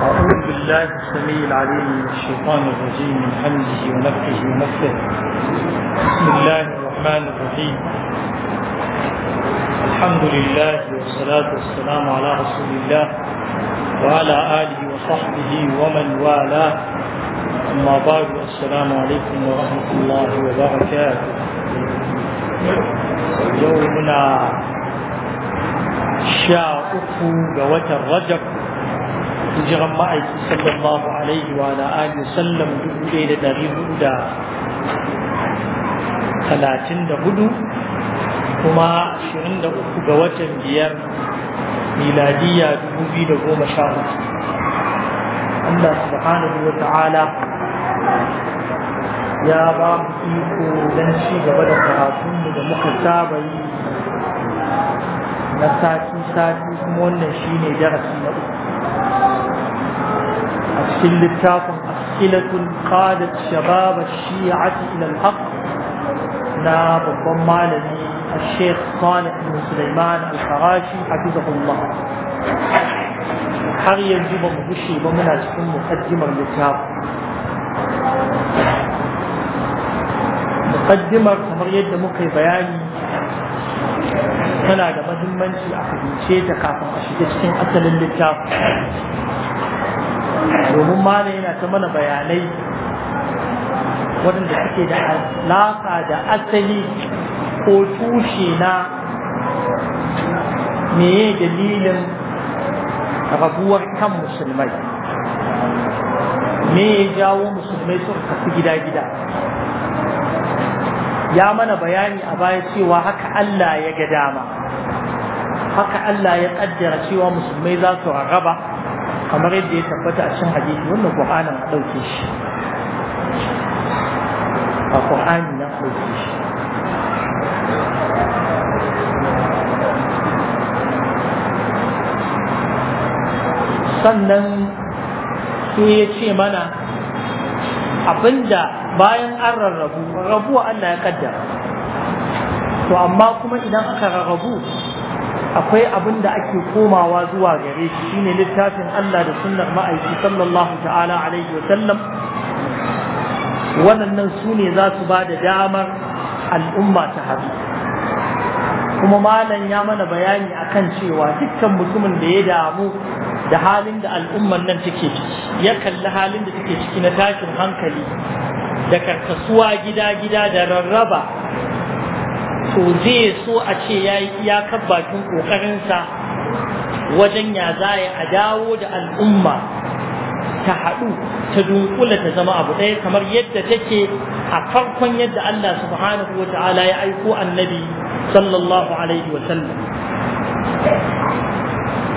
أعوذ بالله السميع العليم من الشيطان الرجيم من حمده ونفخه ونفخه بسم الله الرحمن الرحيم الحمد لله والصلاة والسلام على رسول الله وعلى آله وصحبه ومن والاه أما بعد السلام عليكم ورحمة الله وبركاته يومنا شاء أخو رجب hijiran ma'aiki sallallahu alaihi wa ala alihi sallam dubu ɗaya da ɗari hudu da talatin da hudu kuma ashirin da uku ga watan biyar miladiya dubu biyu da goma sha hudu Allah subhanahu wa ta'ala ya ba mu iko don ci gaba da karatunmu da muka saba yi na sati-sati kuma wannan shi ne darasi na uku cikin littafin asilatun qadat shabab ash ila al-haq na babban malami الشيخ صالح بن سليمان الفراشي حفظه har yanzu ba mu gushe ba muna cikin mukaddimar littafin mukaddimar kamar yadda muka yi bayani tana da mahimmanci a fahimce ta kafin a shiga cikin asalin littafin domin malam yana ta mana bayanai waɗanda suke da alaƙa da asali ko tushe na meye dalilin rabuwar kan musulmai me ya jawo musulmai suka tafi gida-gida ya mana bayani a baya cewa haka Allah ya ga dama haka Allah ya ƙaddara cewa musulmai za su rarraba kamar yadda ya tabbata a cikin hadisi wannan qur'anin a dauke shi a qur'ani na dauke shi sannan sai ya ce mana abinda bayan an rarrabu rabuwa Allah ya kaddara to amma kuma idan aka rarrabu akwai abin da ake komawa zuwa gare shi shine littafin Allah da sunnar ma'aiki sallallahu ta'ala alaihi wa sallam waɗannan sune za su ba da damar al'umma ta haɗu kuma malam ya mana bayani akan cewa dukkan mutumin da ya damu da halin da al'umman nan take ciki ya kalli halin da take ciki na tashin hankali da karkasuwa gida-gida da rarraba to zai so a ce ya yi ƙoƙarinsa wajen ya a dawo da al'umma ta haɗu ta dunkula ta zama abu ɗaya kamar yadda take a farkon yadda Allah subhanahu wa ta'ala ya aiko annabi sallallahu alaihi wa sallam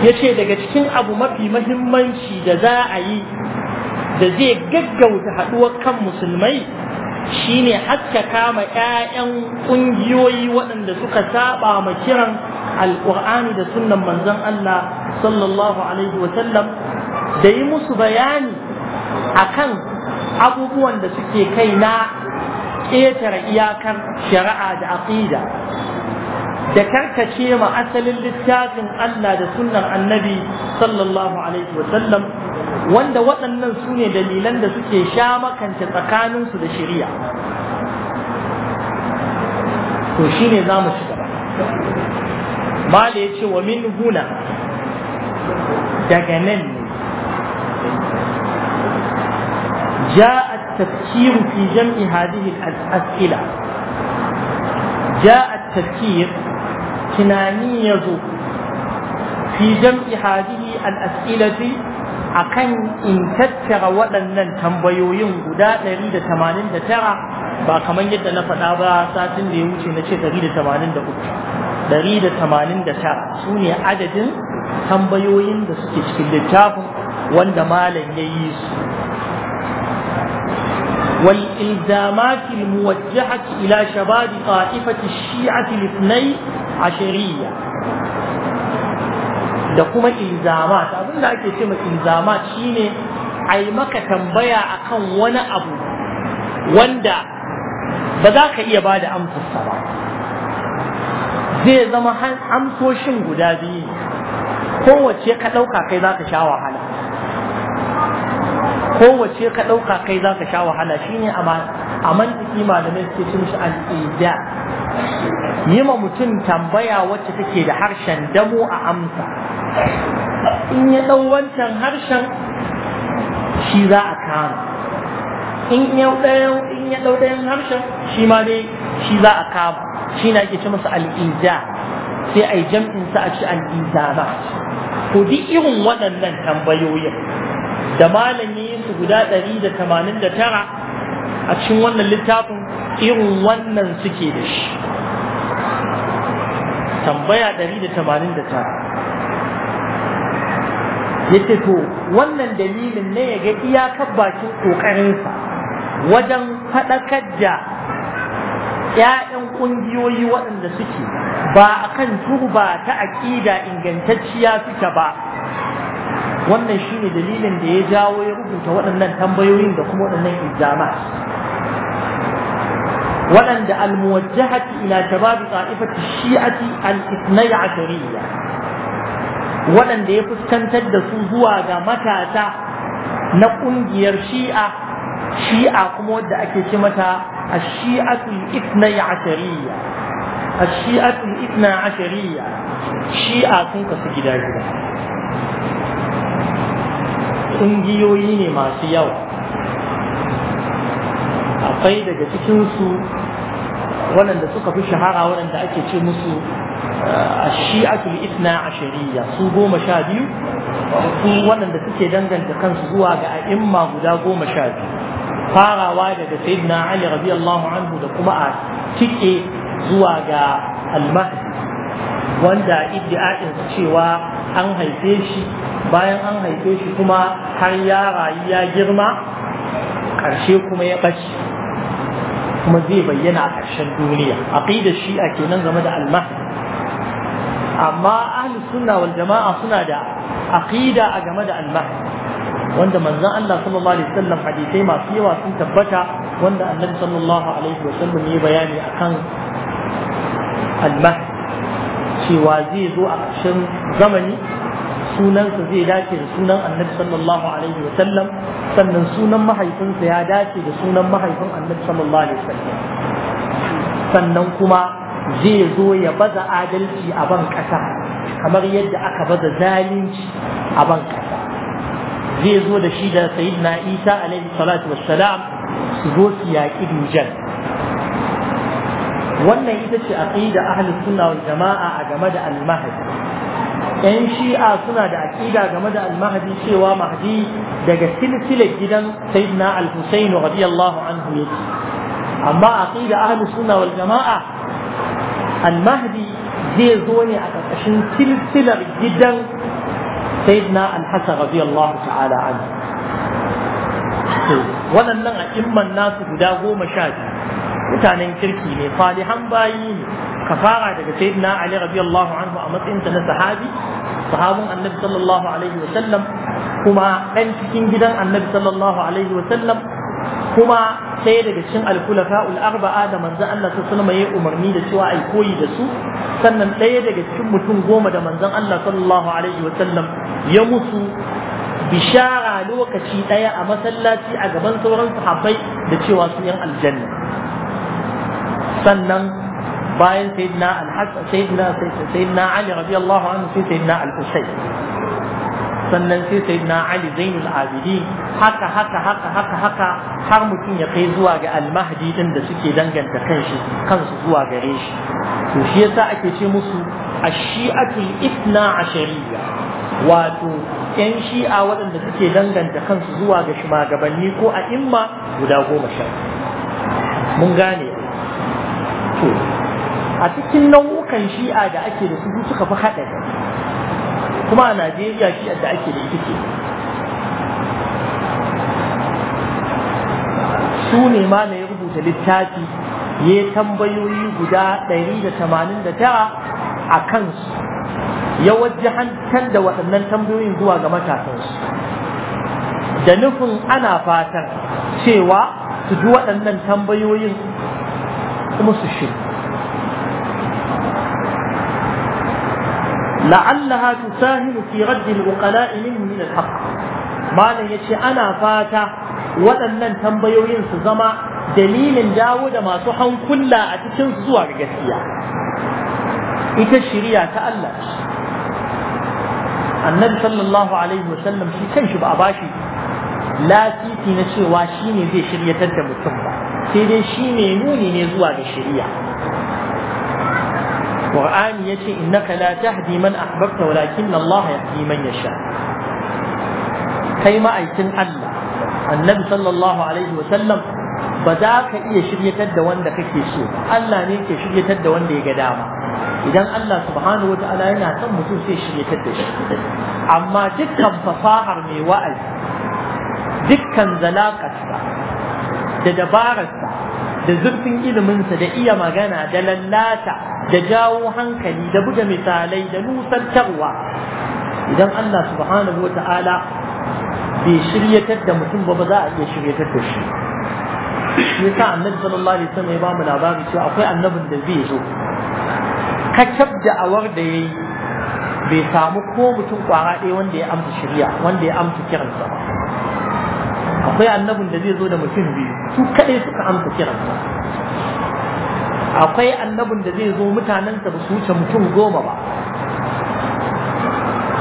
ya ce daga cikin abu mafi mahimmanci da za a yi da zai gaggauta haɗuwar kan musulmai shine haska kama ƴaƴan ƙungiyoyi waɗanda suka saba ma kiran alƙur'ani da sunan manzon Allah sallallahu alaihi da yi musu bayani akan abubuwan da suke kai na ƙetare iyakar shari'a da aqida da karkace ma asalin littafin Allah da sunan annabi sallallahu alaihi wanda waɗannan su ne dalilan da suke sha makanta tsakaninsu da shari'a to shi ne za mu ci gaba mala ya ce wa min huna daga nan ne ja a tafkiru fi جاء التفكير في جمع هذه الأسئلة جاء التفكير كنانية في جمع هذه الأسئلة akan in tattara waɗannan tambayoyin guda 189 ba kamar yadda na faɗa ba satin da ya wuce na ce 183 189 su ne adadin tambayoyin da suke cikin littafin wanda malam ya yi su والإلزامات الموجهة إلى شباب طائفة الشيعة الاثني عشرية da kuma ilzamat abin da ake ce ma ilzamat shine ai maka tambaya akan wani abu wanda ba za ka iya ba da amsarsa ba zai zama amsoshin guda biyu kowace ka ɗauka kai za ka sha wahala kowace ka ɗauka kai za ka sha wahala shine a mantiki malamai suke cin shi al'ida yi ma mutum tambaya wacce take da harshen damo a amsa in ya ɗau wancan harshen shi za a kama in ya ɗau ɗayan harshen shi ma dai shi za a kama shi na ake ce masa al'ija sai a yi sa a ci al'ija ba ko duk irin waɗannan tambayoyin da malami su guda ɗari da tamanin da tara a cikin wannan littafin irin wannan suke da shi tambaya ɗari da tamanin da tara yace to wannan dalilin ne ya ga iyakar bakin ƙoƙarinsa wajen faɗakar da ‘ya'yan ƙungiyoyi waɗanda suke ba a kan turba ta aƙida ingantacciya suke ba wannan shi ne dalilin da ya jawo ya rubuta waɗannan tambayoyin da kuma waɗannan izama waɗanda almuwajjahati ila shababi ta'ifati shi'ati al-ithnai ashariya waɗanda ya fuskantar da su zuwa ga matasa na ƙungiyar shi'a shi'a kuma wadda ake ce mata a shi'atul ifna ashariya a shi'atul ifna ashariya shi'a sun kasu gida gida ƙungiyoyi ne masu yawa akwai daga cikinsu waɗanda suka fi shahara waɗanda ake ce musu الشيعة الاثنا عشرية su goma sha biyu su waɗanda suke danganta kansu zuwa ga a'imma guda goma sha biyu farawa daga sayyidina Ali radiyallahu da kuma a cike zuwa ga almahdi wanda iddi'a'in cewa an haife shi bayan an haife shi kuma har ya rayu ya girma ƙarshe kuma ya ɓace kuma zai bayyana a ƙarshen duniya aqidar shi'a kenan game da almahdi amma ahli sunna wal jama'a suna da aqida a game da almahdi wanda manzon Allah sallallahu alaihi wasallam hadisai masu yawa sun tabbata wanda annabi sallallahu alaihi wasallam ya bayani akan almahdi cewa zai zo a cikin zamani sunansa zai dace da sunan annabi sallallahu alaihi wasallam sannan sunan mahaifinsa ya dace da sunan mahaifin annabi sallallahu alaihi wasallam sannan kuma zai zo ya baza adalci a ban ƙasa kamar yadda aka baza zalunci a ban ƙasa zai zo da shi da sayyidina isa alaihi salatu wassalam su zo su yaƙi dujan wannan ita ce aqida ahlus sunna wal jama'a a game da al-mahdi yan shi'a suna da aƙida game da al-mahdi cewa mahdi daga silsilar gidan sayyidina al-husayn radiyallahu anhu yake amma aqida ahlus sunna wal jama'a al-mahdi zai zo ne a ƙarƙashin silsilar gidan sayyidina al-hasan radiyallahu ta'ala anhu waɗannan a'imman nasu guda goma sha biyu mutanen kirki ne salihan bayi ne ka fara daga sayyidina ali radiyallahu anhu a matsayinsa na sahabi sahabin annabi sallallahu alaihi wa sallam kuma dan cikin gidan annabi sallallahu alaihi wa sallam kuma ɗaya daga cikin alkulafa ul'arba'a da manzan Allah ta sulma ya umarni da cewa ai koyi da su sannan ɗaya daga cikin mutum goma da manzan Allah sallallahu alaihi wa sallam ya musu bishara lokaci ɗaya a masallaci a gaban sauran sahabbai da cewa su yan aljanna sannan bayan sayyidina al-hasan sayyidina sayyidina ali radiyallahu anhu sai sayyidina al-husayn sannan sai sai na Ali Zainul Abidin haka haka haka haka haka har mutum ya kai zuwa ga al-mahdi din da suke danganta kanshi kansu zuwa gare shi to shi yasa ake ce musu ash-shi'atul ithna ashariya wato yan shi'a waɗanda suke danganta kansu zuwa ga shugabanni ko a imma guda goma sha mun gane to a cikin nau'ukan shi'a da ake da su suka fi haɗari kuma a najeriya shi da ake da ita ce su ne ma na ya rubuta littafi ya tambayoyi guda 189 a kansu ya hantar da waɗannan tambayoyin zuwa ga matasansu da nufin ana fatan cewa su ji waɗannan tambayoyin kuma su la'allaha tusahimu fi radd al-uqala'i minhum min al-haqq malam yace ana fata waɗannan tambayoyin su zama dalilin dawo da masu hankula a cikin zuwa ga gaskiya ita shiriya ta Allah annabi sallallahu alaihi sallam shi kanshi ba a bashi lasisi na cewa shi ne zai shiryatar da mutum ba sai dai shi mai nuni ne zuwa ga shiriya qur'ani yace innaka la tahdi man ahbabta walakin Allah yahdi man yasha kai ma'aikin Allah annabi sallallahu alaihi wa sallam ba za ka iya shiryatar da wanda kake so Allah ne ke shiryatar da wanda ya ga dama idan Allah subhanahu wa ta'ala yana son mutum sai shiryatar da shi amma dukkan fasahar mai wa'azi dukkan zalakarsa da dabararsa da zurfin iliminsa da iya magana da lallata da jawo hankali da buga misalai da nusantarwa idan Allah subhanahu wa ta'ala bai shiryatar da mutum ba ba za a iya shiryatar da shi shi yasa annabi sallallahu alaihi wasallam ya ba mu labari cewa akwai annabin da zai zo kacab da awar da yayi bai samu ko mutum kwara ɗaya wanda ya amsa shirya wanda ya amsa kiransa akwai annabin da zai zo da mutum biyu su kaɗai suka amsa kiransa akwai annabin da zai zo mutanensa ba su wuce mutum goma ba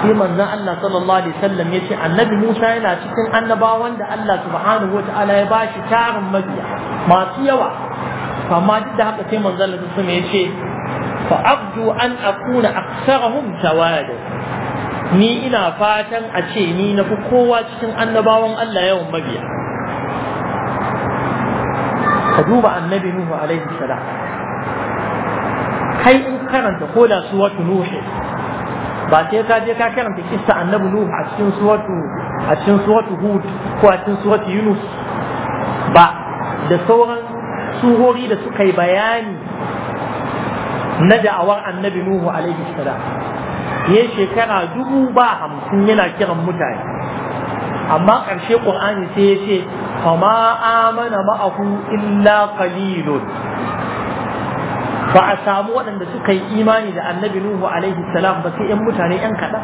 sai manzon Allah sallallahu alaihi wasallam ya ce annabi Musa yana cikin annabawan da Allah subhanahu wataala ya bashi tarin mabiya masu yawa amma duk da haka sai manzon Allah sallallahu alaihi wasallam ya ce fa abdu an akuna aksarahum tawadu ni ina fatan a ce ni na fi kowa cikin annabawan Allah yawan mabiya ka duba annabi nuhu alaihi salam kai in karanta ko da suwatu nuhu ba sai ka je ka karanta kissa annabi nuhu a cikin suwatu a cikin suwatu hud ko a cikin suwatu yunus ba da sauran suhori da suka yi bayani na da'awar annabi nuhu alaihi salam ya shekara dubu ba hamsin yana kiran mutane amma ƙarshe ƙur'ani sai ya ce فما آمن معه إلا قليل ba a samu waɗanda suka yi imani da annabi Nuhu alaihi ba sai 'yan mutane 'yan kaɗan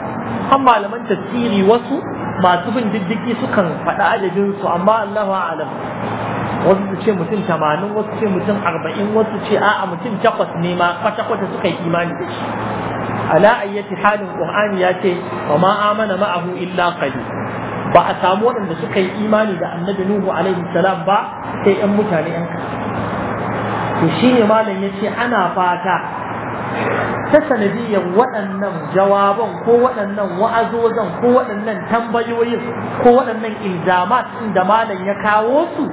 an malaman tafsiri wasu masu bin diddigi sukan faɗa adadin su amma Allahu alam wasu su ce mutum tamanin wasu ce mutum arba'in wasu ce a'a mutum takwas ne ma kwata-kwata suka yi imani da shi ala ayyati halin qur'ani ya ce wa ma amana ma'ahu illa qalil ba a samu waɗanda suka yi imani da annabi nuhu alaihi salam ba sai yan mutane yan to shine malam yace ana fata ta sanadiyyar waɗannan jawaban ko waɗannan wa'azozan ko waɗannan tambayoyin ko waɗannan ilzamat da malam ya kawo su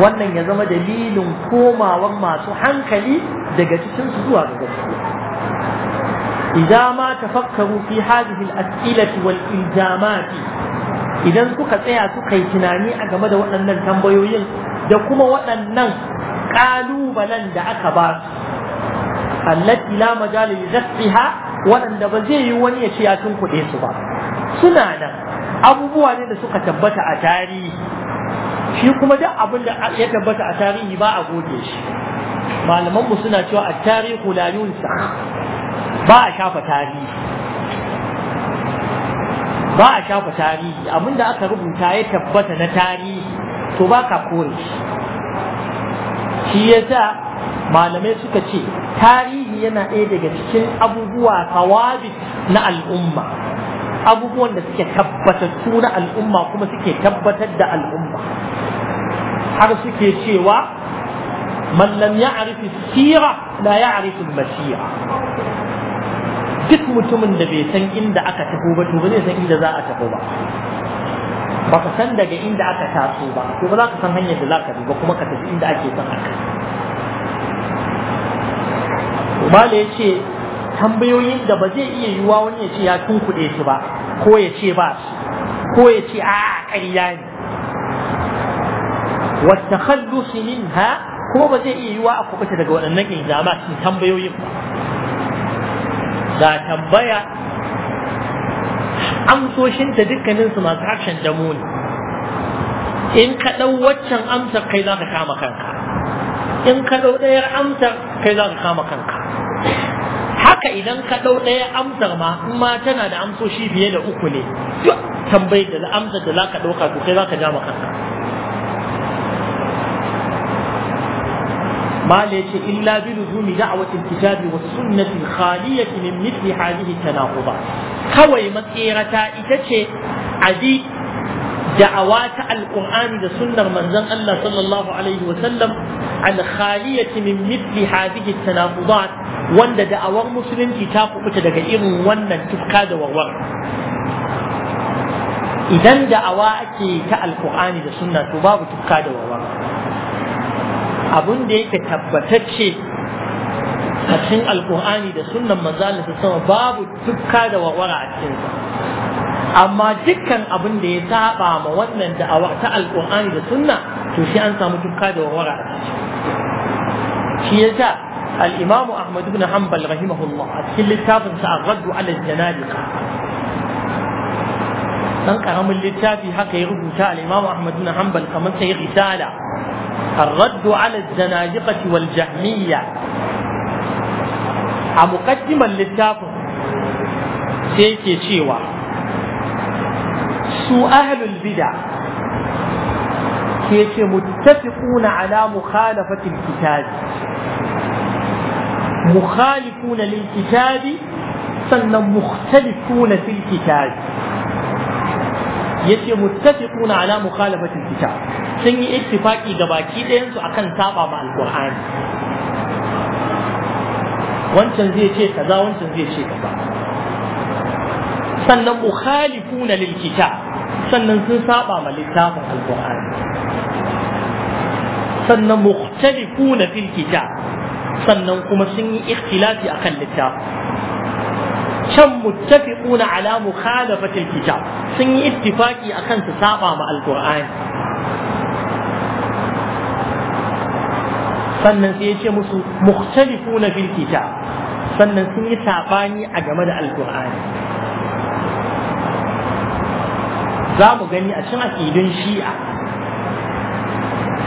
wannan ya zama dalilin komawar masu hankali daga cikin su zuwa ga gaskiya idza ma tafakkaru fi hadhihi al-as'ilati wal iljamati idan suka tsaya suka yi tunani a game da waɗannan tambayoyin da kuma waɗannan ƙalubalen da aka ba su allati la majali li dafiha waɗanda ba zai yi wani ya ce ya tunkuɗe su ba suna nan abubuwa ne da suka tabbata a tarihi shi kuma duk abinda ya tabbata a tarihi ba a goge shi Malamanmu suna cewa a tarihu la yunsakh ba a shafa tarihi ba a shafa tarihi abinda aka rubuta ya tabbata na tarihi to ba ka kore shi yasa malamai suka ce tarihi yana ɗaya daga cikin abubuwa tawabi na al'umma abubuwan da suke tabbatattu na al'umma kuma suke tabbatar da al'umma har suke cewa mallam lam ya'rif sira na ya'rif al-masira duk mutumin da bai san inda aka tafi ba to ba zai san inda za a tafi ba ba ka san daga inda aka taso ba to ba za ka san hanyar da za ka bi ba kuma ka tafi inda ake son aka Umar ya ce tambayoyin da ba zai iya yiwuwa wani ya ce ya tunkuɗe su ba ko ya ce ba ko ya ce a ƙarya ne wata hallusi min ha kuma ba zai iya yiwuwa a kubuta daga waɗannan ilzama sun tambayoyin ba ga tambaya amsoshinta dukkaninsu masu harshen damu ne in ka ɗau waccan amsar kai za ka kama kanka in ka ɗau ɗayar amsar kai za ka kama kanka haka idan ka ɗau ɗayar amsar ma in ma tana da amsoshi fiye da uku ne duk tambayar da amsar da za ka ɗauka to kai za ka ja kanka amma da illa bi lujumi da'awatil kitabi wa sunnati khaliyati min mithli hadhihi tanaquba kawai matsirata ita ce a bi da'awa ta alqur'ani da sunnar manzon Allah sallallahu alaihi wa sallam al khaliyati min mithli hadhihi tanaquba wanda da'awar musulunci ta kubuta daga irin wannan tufka da warwar idan da'awa ake ta alqur'ani da sunna to babu tufka da warwar abin da yake tabbatacce a cikin alkur'ani da sunnan manzalin su sama babu tukka da warwara a cikinsa amma dukkan abin da ya saba ma wannan da'awar ta alkur'ani da sunna to shi an samu tukka da warwara a ciki shi yasa al-imam ahmad ibn hanbal rahimahullah a cikin littafin sa ar-radd 'ala al-janadiqa dan karamin littafi haka ya rubuta al-imam ahmad ibn hanbal kamar sai risala الرد على الزنادقة والجهمية أمقدما للتافه سيكي شيوا سو أهل البدع سيكي متفقون على مخالفة الكتاب مخالفون للكتاب سن مختلفون في الكتاب يتي متفقون على مخالفة الكتاب sun yi ittifaki ga baki ɗayansu akan saba ma alƙur'ani. wancan zai ce kaza wancan zai ce kaza sannan mukhalifuna na lilkita sannan sun saba ma littafin alƙur'ani. sannan mukhtalifuna fil lilkita sannan kuma sun yi ikhtilafi akan littafin can muttafiquna ala mukhalafatil kitab sun yi ittifaki akan su saba ma alƙur'ani. sannan sai ya ce musu mukhtalifuna na kitab sannan sun yi tafani a game da alqur'ani za mu gani a cin aqidun shi'a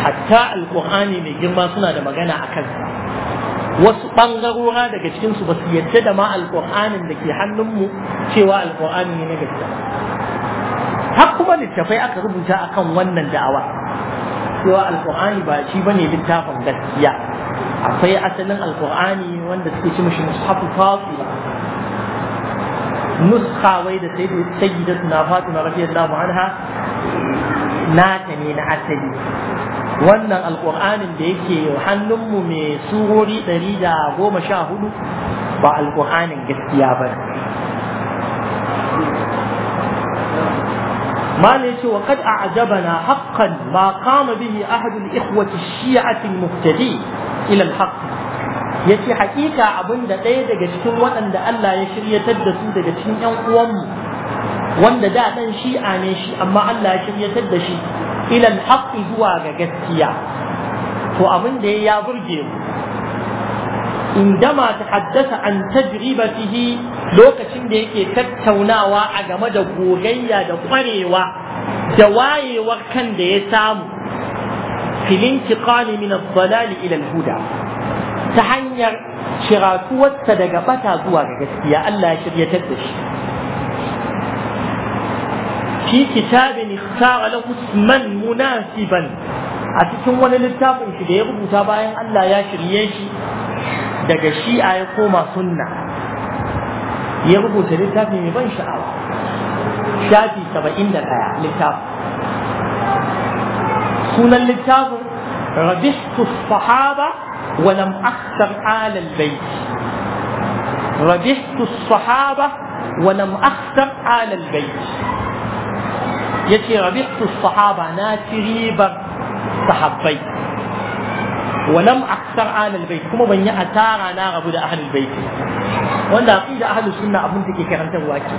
hatta alkur'ani mai girma suna da magana a kansa wasu bangarora daga cikinsu ba su yadda da ma alqur'anin da ke hannunmu cewa alkurani ne na gaskiya har kuma littafai aka rubuta akan wannan da'awa cewa alkur'ani ba shi bane littafin gaskiya akwai asalin alkur'ani wanda suke ci mishi mushafu fatila nuska wai da sai da sayyida suna an ha Na ta ne na asali wannan alkur'anin da yake hannunmu mai surori ɗari da goma sha hudu ba alkur'anin gaskiya ba ما ليش وقد أعجبنا حقا ما قام به أحد الإخوة الشيعة المهتدين إلى الحق yace hakika abin da ɗaya daga cikin waɗanda Allah ya shiryatar da su daga cikin ƴan uwanmu wanda da ɗan shi'a ne shi amma Allah ya shiryatar da shi ilal haqqi zuwa ga gaskiya to abinda da ya burge mu indama ta haddasa an tajribatihi lokacin da yake tattaunawa a game da gogayya da ƙwarewa da wayewar kan da ya samu filin tiqali min ad ta hanyar shiratuwarsa daga bata zuwa ga gaskiya Allah ya shiryatar da shi fi kitabin ikhtara lahu isman munasiban a cikin wani littafin shi da ya rubuta bayan Allah ya shirye shi daga shi'a ya koma sunna ya rubuta littafi mai ban sha'awa shafi saba'in da ɗaya littafi sunan littafin rabihtu sahaba wa lam akhsar alal bait rabihtu sahaba wa lam akhsar alal bait yace rabihtu sahaba na ci sahabbai walam aksar ahlul bait kuma ban yi asara na rabu da ahlul bait wanda aqida ahlus sunna abin da ke karantarwa ke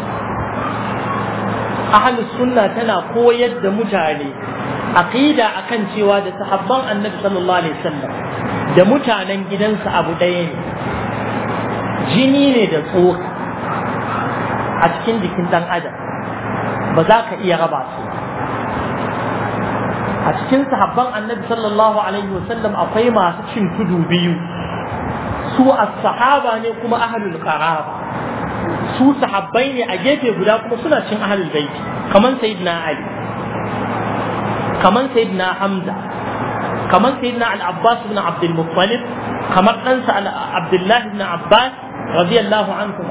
ahlus sunna tana koyar da mutane aqida akan cewa da sahabban annabi sallallahu da mutanen gidansa abu ɗaya ne jini ne da tsoka a cikin jikin dan adam ba ka iya raba su a cikin sahabban annabi sallallahu alaihi wasallam akwai masu cin tudu biyu su as-sahaba ne kuma ahlul qaraba su sahabbai ne a gefe guda kuma suna cin ahlul baiti kamar sayyidina ali kamar sayyidina hamza kaman sayyidina al-abbas ibn abdul muttalib kamar ɗansa abdullahi ibn abbas radiyallahu anhu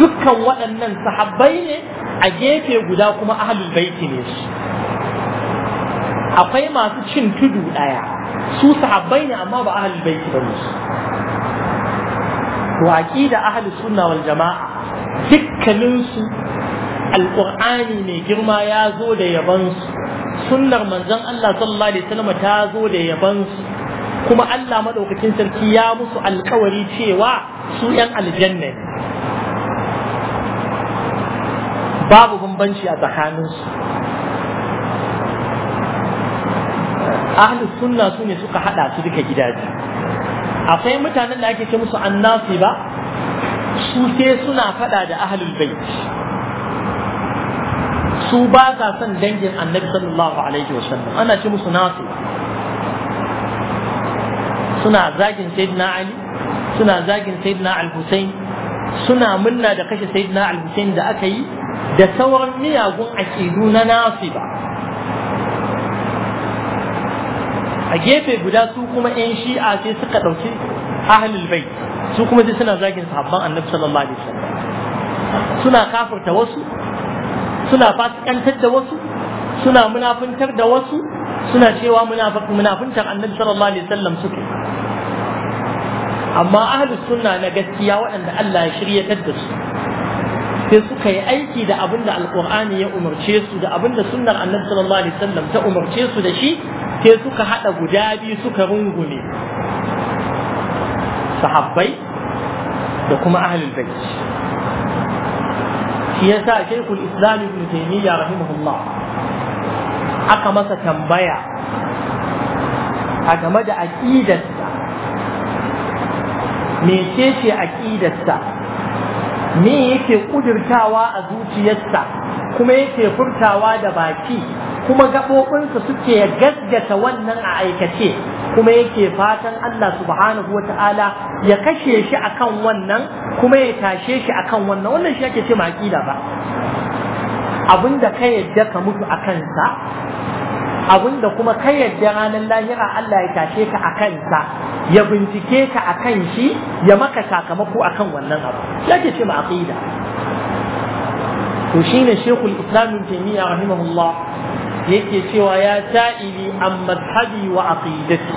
dukkan waɗannan sahabbai ne a gefe guda kuma ahlul baiti ne su akwai masu cin tudu ɗaya su sahabbai ne amma ba ahlul baiti ba ne to aqida ahlus sunna wal jama'a dukkanin su alqur'ani mai girma ya zo da yaban su sunnar manzon Allah sallallahu alaihi wasallam ta zo da yaban su kuma Allah madaukakin sarki ya musu alkawari cewa su yan aljanna babu bambanci a tsakaninsu ahlus sunna su ne suka hada su duka gidaje. akwai mutanen da ake ce musu annasi ba su sai suna fada da ahlul bait su ba sa son dangin annabi sallallahu alaihi wa ana ce musu nasu suna zagin sayyidina ali suna zagin sayyidina al-husayn suna munna da kashe sayyidina al-husayn da aka yi da sauran miyagun aqidu na ba. a gefe guda su kuma yan shi'a sai suka ɗauki ahlul bai su kuma sai suna zagin sahabban annabi sallallahu alaihi wasallam suna kafirta wasu suna fasikantar da wasu suna munafuntar da wasu suna cewa munafuntar annabi sallallahu alaihi wasallam suke amma ahlus sunna na gaskiya waɗanda Allah ya shiryatar da su sai suka yi aiki da abin da alkur'ani ya umarce su da abin da sunnar annabi sallallahu alaihi wasallam ta umarce su da shi sai suka haɗa guda biyu suka rungume sahabbai da kuma ahlul bait shi yasa shaykhul islam ibn taymiyyah rahimahullah aka masa tambaya a game da aqidarsa mecece aqidarsa me yake kudurtawa a zuciyarsa kuma yake furtawa da baki kuma gaɓoɓinsa suke gaggata wannan a aikace kuma yake fatan Allah subhanahu wa ta'ala ya kashe shi akan wannan kuma ya tashe shi akan wannan wannan shi ake ce ma aƙida ba abinda ka yadda ka mutu a kansa abinda kuma ka yadda ranar lahira Allah ya tashe ka a kansa ya bincike ka a kan shi ya maka sakamako a kan wannan abu shi ake ce ma aƙida to shine shekul islam taimiyya taymiya rahimahullah yake cewa ya sa'ili an madhabi wa aqidati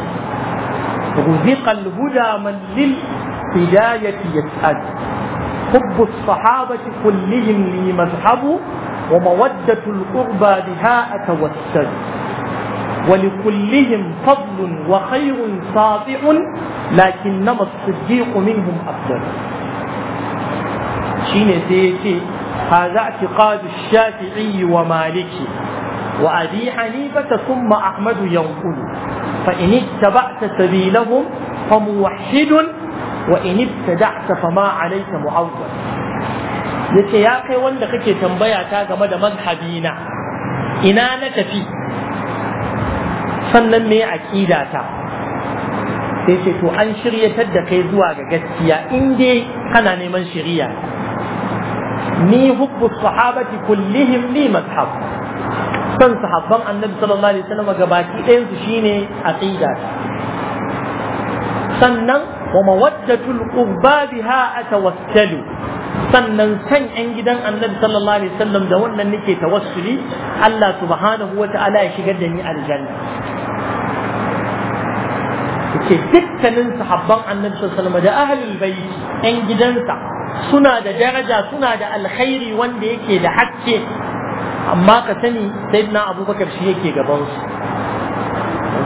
ruziqa al-huda man lil hidayati yas'al حب الصحابة كلهم لي مذهب ومودة القربى بها أتوسل ولكلهم فضل وخير ساطع لكنما الصديق منهم أفضل شين هذا اعتقاد الشافعي ومالكي وأبي حنيفة ثم أحمد ينقل فإن اتبعت سبيلهم فموحد وإن ابتدعت فما عليك معول yace ya kai wanda kake tambaya ta game da mazhabina ina na tafi sannan me aqida ta sai ce to an shiryatar da kai zuwa ga gaskiya in dai kana neman shari'a ni hubbu sahabati kullihim li mazhab san sahabban annabi sallallahu alaihi wasallam gabaki ɗayan su shine aqida sannan wa mawaddatul qurba biha atawassalu sannan san ƴan gidan annabi sallallahu alaihi wasallam da wannan nake tawassuli Allah subhanahu wa ta'ala ya shigar da ni aljanna yake dukkanin sahabban annabi sallallahu alaihi wasallam da ahlul bayt yan gidansa suna da daraja suna da alkhairi wanda yake da hakke amma ka sani sayyidina abubakar shi yake gaban su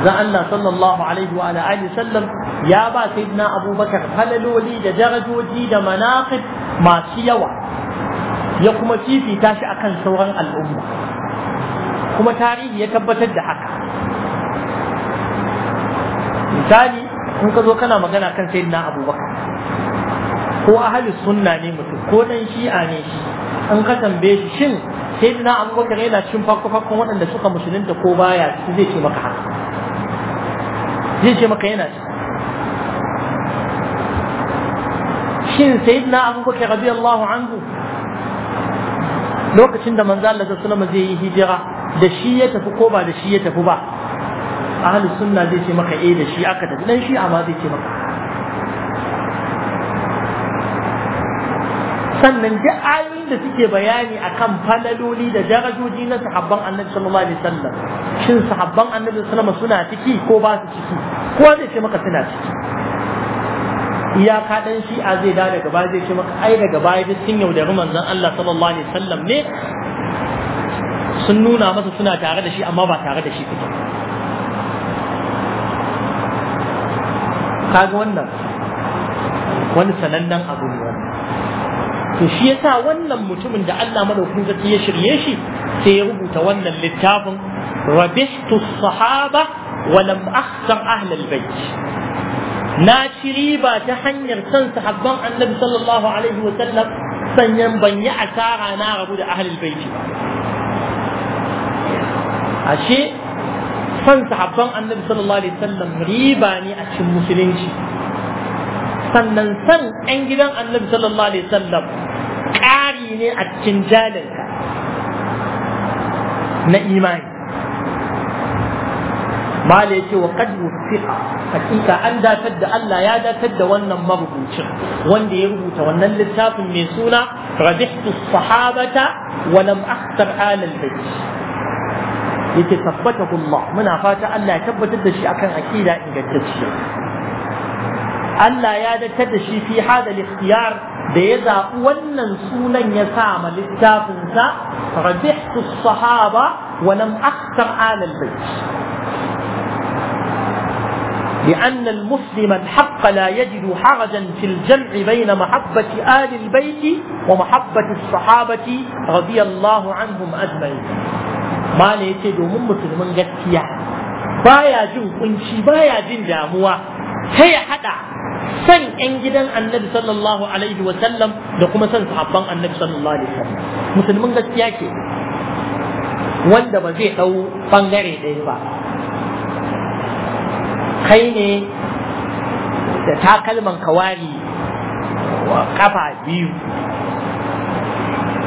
Allah sallallahu alaihi wa alihi sallam ya ba sayyidina abubakar falaloli da darajoji da manaqib masu yawa ya kuma fifita shi akan sauran al'umma kuma tarihi ya tabbatar da haka misali in ka zo kana magana kan sayyidina abubakar ko ahli sunna ne mutum ko dan shi'a ne shi an ka tambaye shi shin sai na abubakar yana cin farko waɗanda suka musulunta ko baya su zai ce maka haka zai ce maka yana ci shin sai na abubakar rabi Allahu anhu lokacin da manzo Allah sallallahu zai yi hijira da shi ya tafi ko ba da shi ya tafi ba ahlus sunna zai ce maka eh da shi aka tafi dan shi amma zai ce maka sannan duk da suke bayani akan falaloli da darajoji na sahabban annabi sallallahu alaihi wasallam shin sahabban annabi sallallahu alaihi wasallam suna ciki ko ba su ciki ko zai ce maka suna ciki iyaka dan a zai da daga baya zai ce maka ai daga baya duk sun yaudari manzon Allah sallallahu alaihi wasallam ne sun nuna masa suna tare da shi amma ba tare da shi suke kaga wannan wani sanannen abu ne to shi yasa wannan mutumin da Allah madaukakin sarki ya shirye shi sai ya rubuta wannan littafin rabihtu sahaba wa lam akhsar ahlal bait na ci riba ta hanyar san sahabban annabi sallallahu alaihi wa sallam sannan ban yi asara na rabu da ahlul bait ashe san sahabban annabi sallallahu alaihi wa sallam riba ne a cikin musulunci sannan san 'yan gidan annabi sallallahu alaihi wasallam ƙari ne a cikin jalinka na imani mala yake wa qad wufiqa hakika an datar da Allah ya datar da wannan marubucin wanda ya rubuta wannan littafin mai suna rabihtu sahabata wa lam akhtar alal bayt yake tabbata Allah muna fata Allah ya tabbatar da shi akan akida ingantacciya Allah ya datar da shi fi hada al-ikhtiyar da ya zaɓi wannan sunan ya sa ma littafinsa rabihtu sahaba wa lam aktar alal bait لأن المسلم الحق لا يجد حرجا في الجمع بين محبة آل البيت ومحبة الصحابة رضي الله عنهم أجمعين ما ليتي دوم مسلم gaskiya baya jin kunci baya jin damuwa sai ya hada san yan gidan annabi sallallahu alaihi wa sallam da kuma san sahabban annabi sallallahu alaihi wa sallam musulmin gaskiya ke wanda ba zai dau bangare ɗaya ba kai ne da takalman kawari wa kafa biyu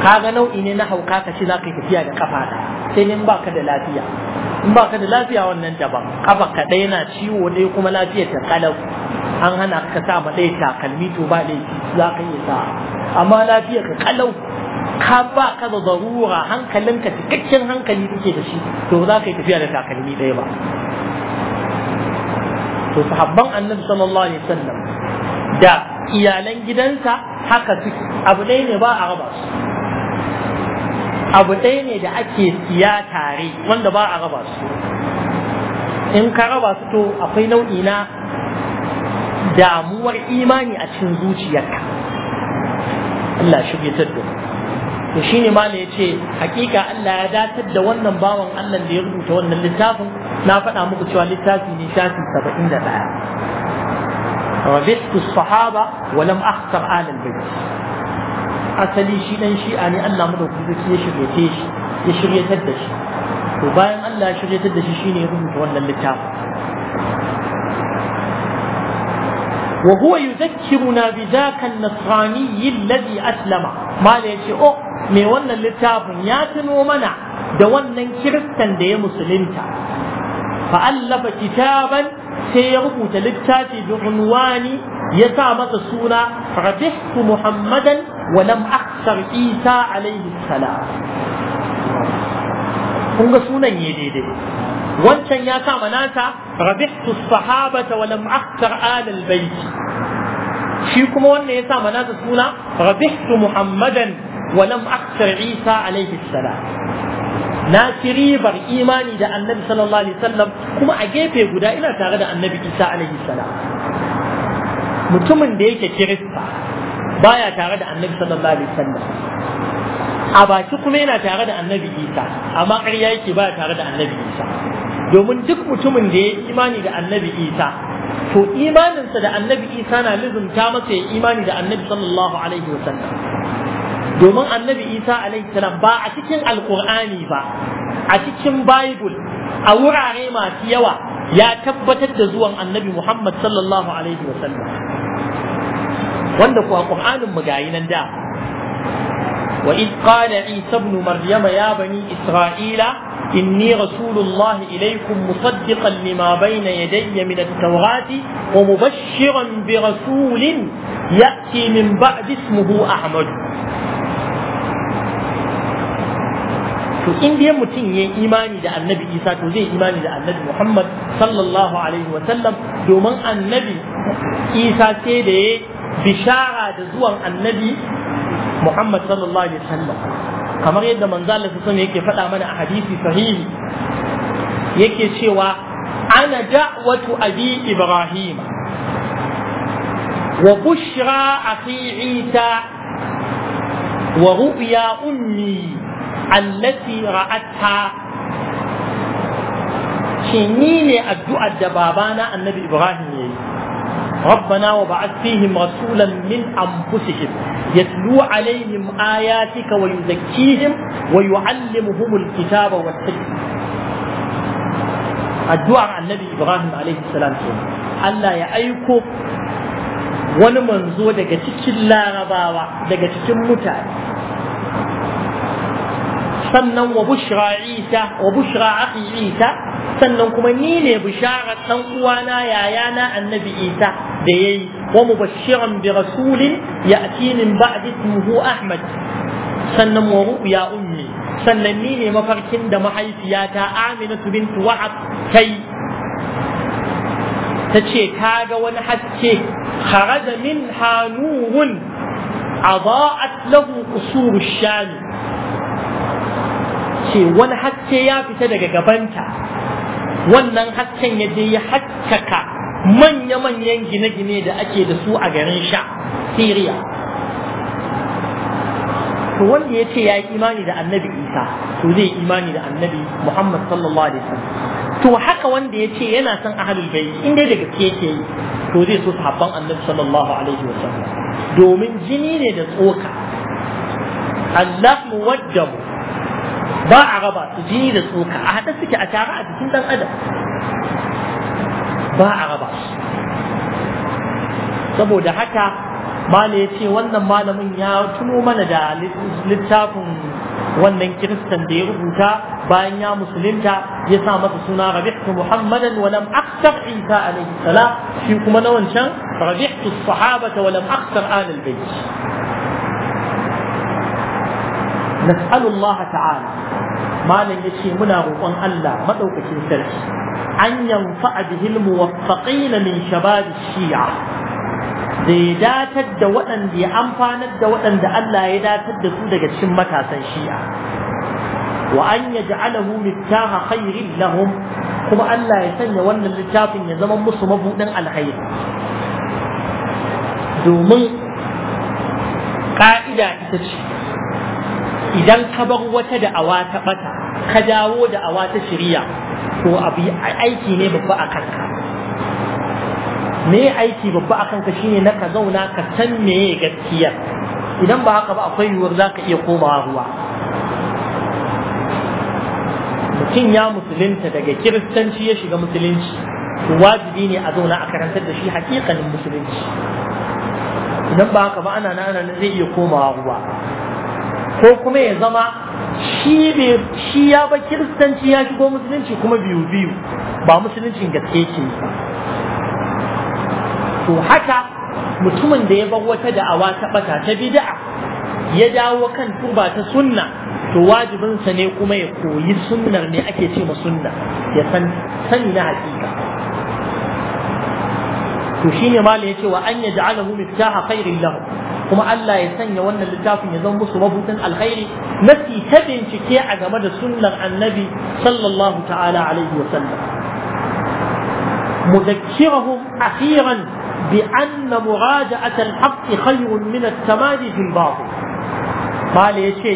kaga nau'i ne na hauka ka ci za ka yi tafiya da kafa ɗaya sai ne ba ka da lafiya in ba ka da lafiya wannan daban kafa ka ɗaya na ciwo ɗaya kuma lafiyar ta kalau an hana ka sa ma ɗaya takalmi to ba laifi za ka iya sa amma lafiya ka kalau ka ba ka da zarura hankalinka cikakken hankali kake da shi to za ka yi tafiya da takalmi ɗaya ba to sahabban annabi sallallahu alaihi wasallam da iyalan gidansa haka suke abu ɗaya ne ba a raba su abu ɗaya ne da ake siya tare wanda ba a raba su in ka raba su to akwai nau'i na damuwar imani a cikin zuciyarka Allah shirye ta da to shine ma ya ce hakika Allah ya datar da wannan bawan Allah da ya rubuta wannan littafin na faɗa muku cewa littafi ne shafi 71 rabitu sahaba wa lam akhtar alal bayt asali shi dan shi'a ne Allah madaukaki ya shirye shi ya shirye da shi to bayan Allah ya shirye da shi ya rubuta wannan littafin وهو يذكرنا بذاك النصراني الذي اسلم ما يجي او مي wannan littafin ya tuno mana da wannan Kiristan da ya musulunta fa'allafa kitaban sai ya rubuta littafi bi unwani ya sa masa suna rabihtu muhammadan wa lam akthar isa alayhi salam kun ga sunan ya daidai wancan ya kama nasa rabihtu sahabata wa lam akhtar alal bait shi kuma wannan ya sa nasa suna rabihtu muhammadan wa lam akhtar isa alaihi salam na siribar imani da annabi sallallahu alaihi wasallam kuma a gefe guda ina tare da annabi isa alaihi salam mutumin da yake kirista baya tare da annabi sallallahu alaihi wasallam a baki kuma yana tare da annabi isa amma ƙarya yake ba tare da annabi isa domin duk mutumin da ya imani da annabi isa to imaninsa da annabi isa na lizunta masa ya imani da annabi sallallahu alaihi wasallam domin annabi isa alaihi salam ba a cikin alkur'ani ba a cikin bible a wurare masu yawa ya tabbatar da zuwan annabi muhammad sallallahu alaihi wasallam wanda kuwa ƙur'anin mu gayi nan da وإذ قال عيسى ابن مريم يا بني إسرائيل إني رسول الله إليكم مصدقا لما بين يدي من التوراة ومبشرا برسول يأتي من بعد اسمه أحمد to in mutum ya imani da annabi isa to zai imani da annabi muhammad sallallahu alaihi wa sallam domin annabi isa sai da ya bishara da zuwan annabi Muhammad sallallahu alaihi wasallam kamar yadda manzo Allah sallallahu yake faɗa mana a hadisi sahihi yake cewa ana da'watu abi ibrahim wa bushra akhi isa wa ru'ya ummi allati ra'atha shi ni ne addu'ar da babana annabi ibrahim yayi ربنا وبعث فيهم رسولا من أنفسهم يتلو عليهم آياتك ويزكيهم ويعلمهم الكتاب والحكمة الدعاء عن النبي إبراهيم عليه السلام ألا يا wani ولمن daga cikin larabawa daga cikin mutane sannan wa bushra وبشرى wa bushra akhi isa sannan kuma ni ne bisharar dan uwana yayana annabi isa da yayi wa mubashiran bi rasulin ya'ti ba'di ismuhu ahmad sannan wa ya ummi sannan ni ne mafarkin da mahaifiyata aminatu bint wahab kai ta ce kaga wani haske kharaja min hanurun adaa'at lahu qusur ash-shami ce wani haske ya fita daga gabanta wannan hasken ya je ya haskaka manya-manyan gine-gine da ake da su a garin sha siriya to wanda ya ce ya yi imani da annabi isa to zai yi imani da annabi muhammad sallallahu alaihi wasallam to haka wanda ya ce yana son ahalul bai in dai daga gaske yi to zai so sahabban annabi sallallahu alaihi wasallam domin jini ne da tsoka Allah mu, ba a raba su jini da tsoka a haɗa suke a tare a jikin ɗan adam ba a raba su saboda haka mala ya ce wannan malamin ya tuno mana da littafin wannan kiristan da ya rubuta bayan ya musulunta ya sa masa suna rabihtu muhammadan wa lam aktar isa alaihi salam shi kuma na wancan rabihtu sahabata wa lam aktar alal bait nas'alu allah ta'ala malam ya ce muna roƙon Allah maɗaukacin sarki an yanfa'a bihil muwaffaqina min shabab shi'a da ya datar da waɗanda ya amfanar da waɗanda Allah ya datar da su daga cikin matasan shi'a wa an yaj'alahu miftaha khairin lahum kuma Allah ya sanya wannan littafin ya zama musu mabudin alkhairi domin ka'ida ita ce idan ka bar wata da'awa ta bata ka dawo da'awa ta shirya to abu aiki ne babba a kanka me aiki babba a kanka shine na ka zauna ka san meye gaskiyar? idan ba haka ba akwai yiwuwar za ka iya komawa ruwa mutum ya musulunta daga kiristanci ya shiga musulunci wajibi ne a zauna a karantar da shi hakikanin musulunci idan ba haka ba ana nan zai iya komawa ruwa ko kuma ya zama shi ya ba kiristanci ya shigo musulunci kuma biyu biyu ba musuluncin gaske ke to haka mutumin da ya bar wata da'awa ta bata ta bid'a ya dawo kan turba ta sunna to wajibinsa ne kuma ya koyi sunnar ne ake ce ma sunna ya san sani na hakika to shine malam ce wa an yaj'alahu miftaha khairin lahu kuma Allah ya sanya wannan littafin ya zama musu mabutin alkhairi na ta bincike a game da sunnar annabi sallallahu ta'ala alaihi wa sallam mudakkirahum akhiran bi anna muraja'at al-haqq khayrun min at-tamadi fil batil bale yace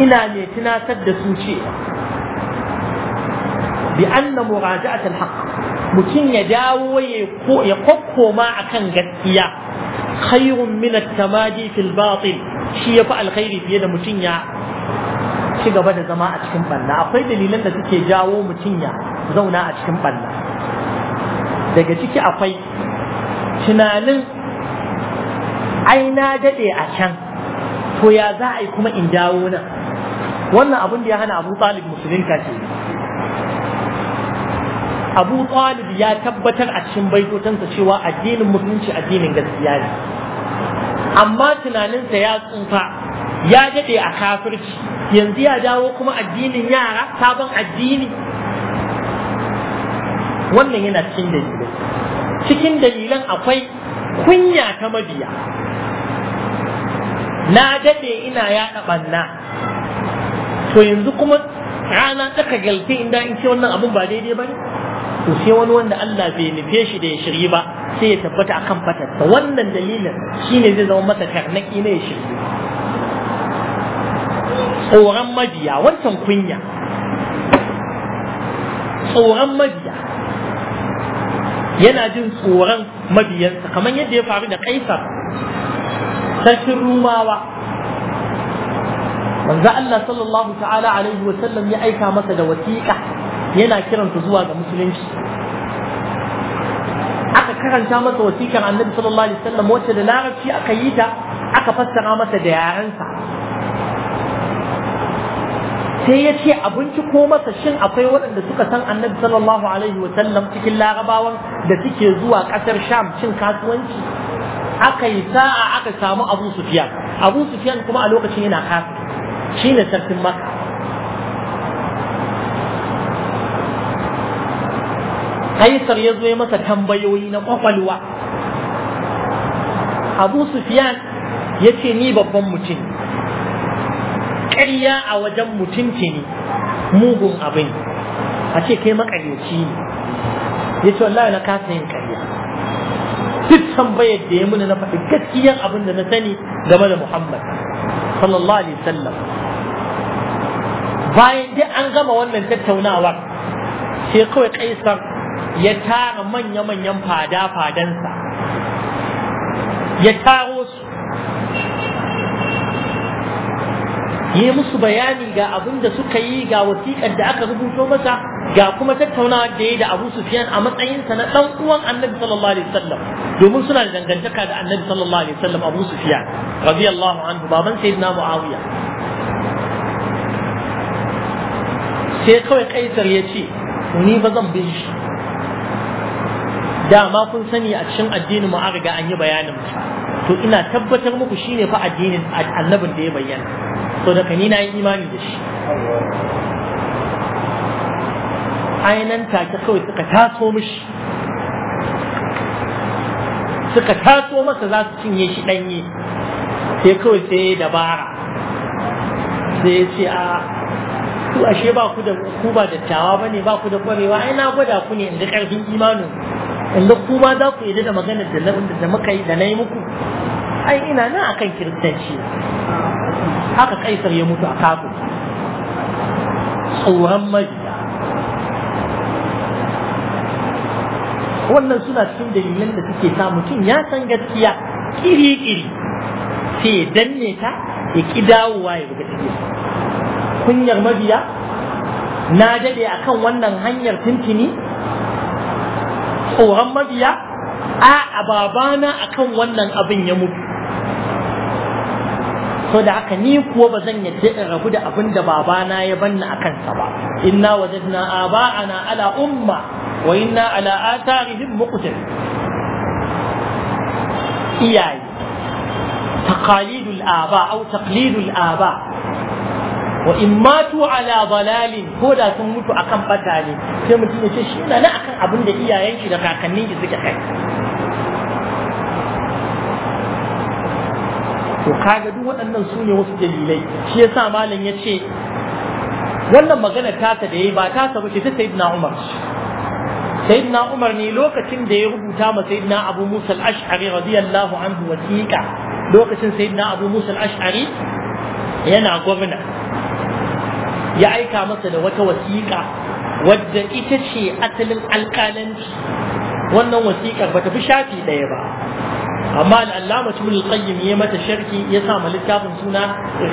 ina ne tunatar da su ce bi anna muraja'at al-haqq mutum ya dawo ya kokkoma akan gaskiya khairun min at-tamadi fil batil shi yafi alkhairi fiye da mutun ya ci gaba da zama a cikin balla akwai dalilan da suke jawo mutun ya zauna a cikin balla daga ciki akwai tunanin ai na dade a can to ya za a yi kuma in jawo nan wannan abin da ya hana abu talib musulunta ce abu talib ya tabbatar a cikin baitotansa cewa addinin musulunci addinin gaskiya ne amma tunaninsa ya tsufa ya daɗe a kafirci yanzu ya dawo kuma addinin yara sabon addini wannan yana cikin dalilai cikin dalilan akwai kunya ta mabiya na daɗe ina yaɗa ɓanna to yanzu kuma rana tsaka galte inda in ce wannan abun ba daidai ba ne to sai wani wanda Allah bai nufe shi da ya shirye ba sai ya tabbata akan fatarsa wannan dalilin shine zai zama masa karnaki ne ya shirye tsoron mabiya wancan kunya tsoron mabiya yana jin tsoron mabiyansa kamar yadda ya faru da kaisar sarkin rumawa manzo Allah sallallahu ta'ala alaihi wa sallam ya aika masa da wasiƙa yana kiransu zuwa ga musulunci aka karanta masa wasikar annabi sallallahu alaihi wasallam wacce da larabci aka yi ta aka fassara masa da yarensa sai ya ce abinci ko masa shin akwai waɗanda suka san annabi sallallahu alaihi wasallam cikin larabawan da suke zuwa ƙasar sham cin kasuwanci aka yi sa'a aka samu abu sufiyan abu sufiyan kuma a lokacin yana kasu shi ne sarkin maka kaisar ya zo ya masa tambayoyi na kwakwalwa abu sufiyan ya ce ni babban mutum ƙarya a wajen mutum ke ne mugun abin a ce kai makaryaci ne ya ce wallahi na kasa yin ƙarya duk tambayar da ya muni na faɗi gaskiyar abin da na sani game da muhammad sallallahu alaihi wasallam bayan dai an gama wannan tattaunawar sai kawai kaisar ya tara manya-manyan fada-fadansa ya taro su yi musu bayani ga abin da suka yi ga wasiƙar da aka rubuto masa ga kuma tattaunawa da ya da Abu Sufyan a matsayinsa na ɗan uwan Annabi sallallahu alaihi wasallam domin suna da dangantaka da Annabi sallallahu alaihi wasallam Abu Rabi radiyallahu anhu baban na Muawiya sai kawai Kaisar ya ce ni ba zan bin shi dama kun sani a cikin addinin mu an riga an yi bayanin sa to ina tabbatar muku shine fa addinin annabin da ya bayyana so da ni na yi imani da shi ainan take kawai suka taso mishi suka taso masa za su cinye shi ɗanye sai kawai sai dabara sai ya ce a ku ashe ba ku da ku ba dattawa bane ba ku da kwarewa ai na gwada ku ne inda karfin imanin in ga kuma za ku yi da maganar da da muka yi da na yi muku ai ina nan akan kiristanci haka kaisar ya mutu a kafu tsoron majiya wannan suna cikin dalilan da suke sa mutum ya san gaskiya kiri-kiri sai ya danne ta ya ki dawowa ya buga take kunyar mabiya na dade akan wannan hanyar tuntuni tsoron mabiya a babana akan wannan abin ya mutu so da haka ni kuwa ba zan yadda in rabu da abin da babana ya banna a kansa ba inna wajadna aba'ana ala umma wa inna ala atarihim muqtad iyaye taqalidul aba au taqlidul aba wa in matu ala dalalin ko da sun mutu akan bata ne sai mutum ya ce shi na akan abin da iyayen shi da kakannin shi suke kai to kaga duk waɗannan su ne wasu dalilai shi yasa malam ya ce wannan magana tasa da yayi ba tasa ba ce ta sayyidina Umar sayyidina Umar ne lokacin da ya rubuta ma sayyidina Abu Musa al-Ash'ari radiyallahu anhu wasiqa lokacin sayyidina Abu Musa al-Ash'ari yana gwamna ya aika masa da wata wasiƙa wadda ita ce asalin alƙalanci wannan wasiƙar bata fi shafi ɗaya ba amma al'allama tubul qayyim ya mata sharki ya sa ma littafin suna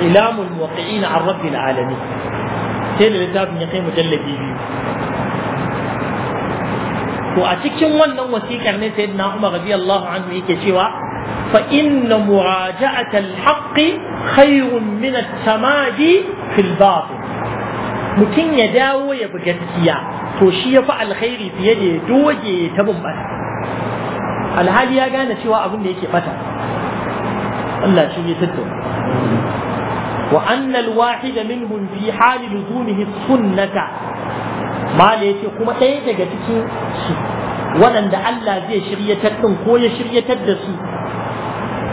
ilamun muwaqqi'ina a rabbil alamin sai da littafin ya kai mujallabi biyu to a cikin wannan wasiƙar ne sayyidina Umar radiyallahu anhu yake cewa فإن مراجعة الحق خير من التمادي في الباطل mutum ya dawo ya bi gaskiya to shi ya fi alkhairi fiye da ya doge ta bin bata alhali ya gane cewa abin da yake bata Allah shi ya tattauna wa annal wahida minhum fi hali luzumihi sunnata mala yace kuma ɗaya daga cikin su waɗanda Allah zai shiryatar ɗin ko ya shiryatar da su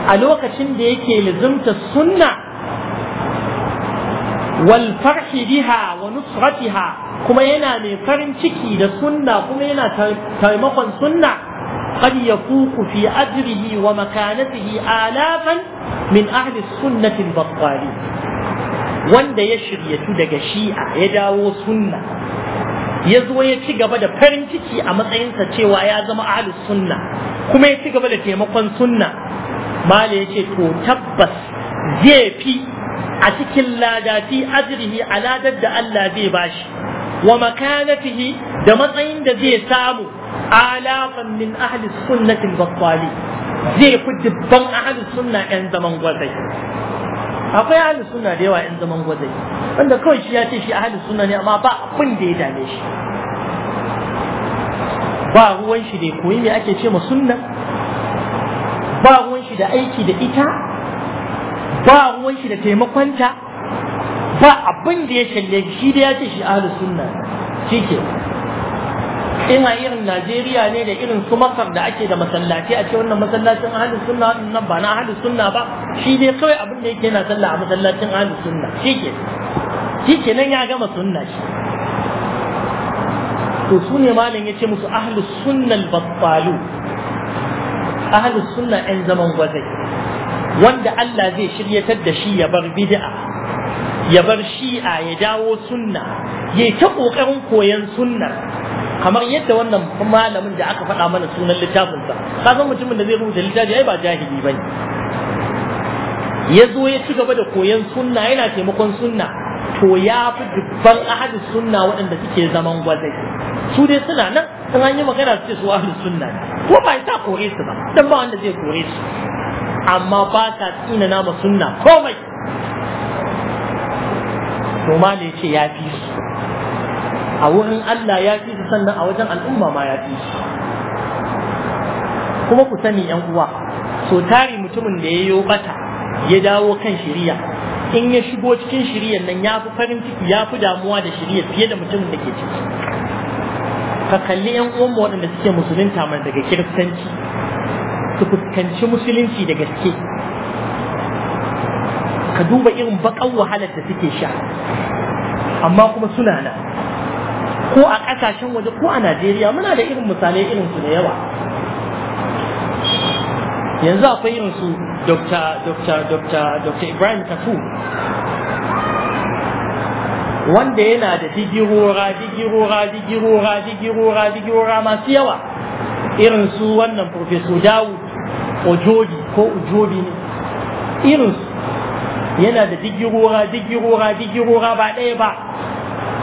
a lokacin da yake lizumta sunna wal farhi wa nusratiha kuma yana mai farin ciki da sunna kuma yana taimakon sunna qad yafuku fi ajrihi wa makanatihi alafan min ahli sunnati al wanda ya shiryatu daga shi'a ya dawo sunna ya zo ya ci gaba da farin ciki a matsayinsa cewa ya zama ahlus sunna kuma ya ci gaba da taimakon sunna mala ya ce to tabbas zai fi a cikin ladati ajrihi a ladar da Allah zai bashi wa makanatihi da matsayin da zai samu alafan min ahli sunnatin battali zai fi dubban ahli sunna yan zaman gwazai akwai ahli sunna da yawa yan zaman gwazai wanda kawai shi ya ce shi ahli sunna ne amma ba abin da ya dame shi ba ruwan shi da koyi me ake ce ma sunna ba ruwan shi da aiki da ita ba ruwan shi da taimakonta ba abin da ya shalle shi da ya ce shi ahlus sunna shi ke ina irin Najeriya ne da irin su Masar da ake da masallaci a ce wannan masallacin ahlus sunna wannan ba na ahlus sunna ba shi dai kawai abin da yake yana sallah a masallacin ahlus sunna shi ke nan ya gama sunna shi to su ne malam yace musu ahlus sunna al-battalu ahlus sunna ɗan zaman gwazai wanda Allah zai shiryatar da shi ya bar bid'a ya bar shi'a ya dawo sunna yayi ta kokarin koyan sunna kamar yadda wannan malamin da aka faɗa mana sunan littafinsa ka san mutumin da zai rubuta littafi ai ba jahili bane ya zo ya ci gaba da koyan sunna yana taimakon sunna to ya fi dubban ahadin sunna waɗanda suke zaman gwazai su dai suna nan in an yi magana su ce su ahadin sunna ko ba ya kore su ba dan ba wanda zai kore su amma ba ta tsina nama sunna komai to ma ne ce ya fi su a wurin Allah ya fi su sannan a wajen al'umma ma ya fi su kuma ku sani yan uwa so tari mutumin da ya yi bata ya dawo kan shiriya in ya shigo cikin shiriyar nan ya fi farin ciki ya fi damuwa da shiriyar fiye da mutumin da ke ciki ka kalli yan uwan waɗanda suke musulunta mai daga kiristanci su fuskanci musulunci da gaske ka duba irin bakan wahalar da suke sha amma kuma suna nan ko a ƙasashen waje ko a najeriya muna da irin misalai irin su da yawa yanzu akwai irin su dr ibrahim tafu wanda yana da digirora digirora digirora digirora digirora masu yawa irin su wannan professor dawud ojobi ko ujobi ne irinsu yana da digirora digirora digirora ba ɗaya ba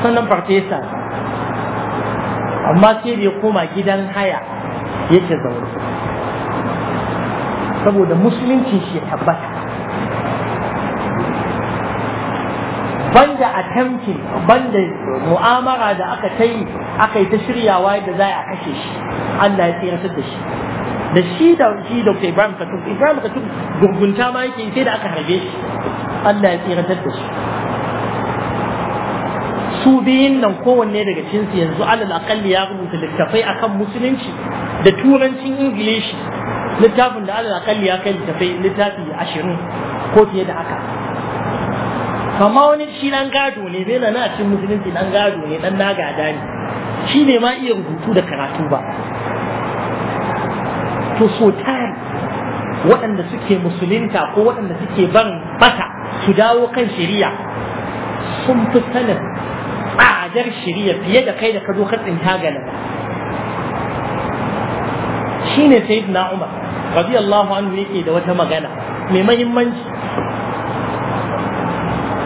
sannan farfesa amma sai da ya koma gidan haya yake zaune saboda musulunci shi ya tabbata banda tamkin, banda mu'amara da aka ta yi aka yi ta shiryawa da za a kashe shi Allah ya tsiratar da shi da shi da shi da Ibrahim Katum Ibrahim Katum gurgunta ma yake sai da aka harbe shi Allah ya tsiratar da shi su biyun nan kowanne daga cinsu yanzu alal akalli ya rubuta littafai akan musulunci da turancin ingilishi littafin da alal akalli ya kai littafai littafi ashirin ko fiye da haka amma wani shi dan gado ne bai na cikin musulunci dan gado ne dan nagada ne shi ne ma iya rubutu da karatu ba to so tari waɗanda suke musulunta ko waɗanda suke ban bata su dawo kan shari'a sun fi sanin tsadar shari'a fiye da kai da ka zo ka Shi ne shine sayyidina Umar radiyallahu anhu yake da wata magana mai mahimmanci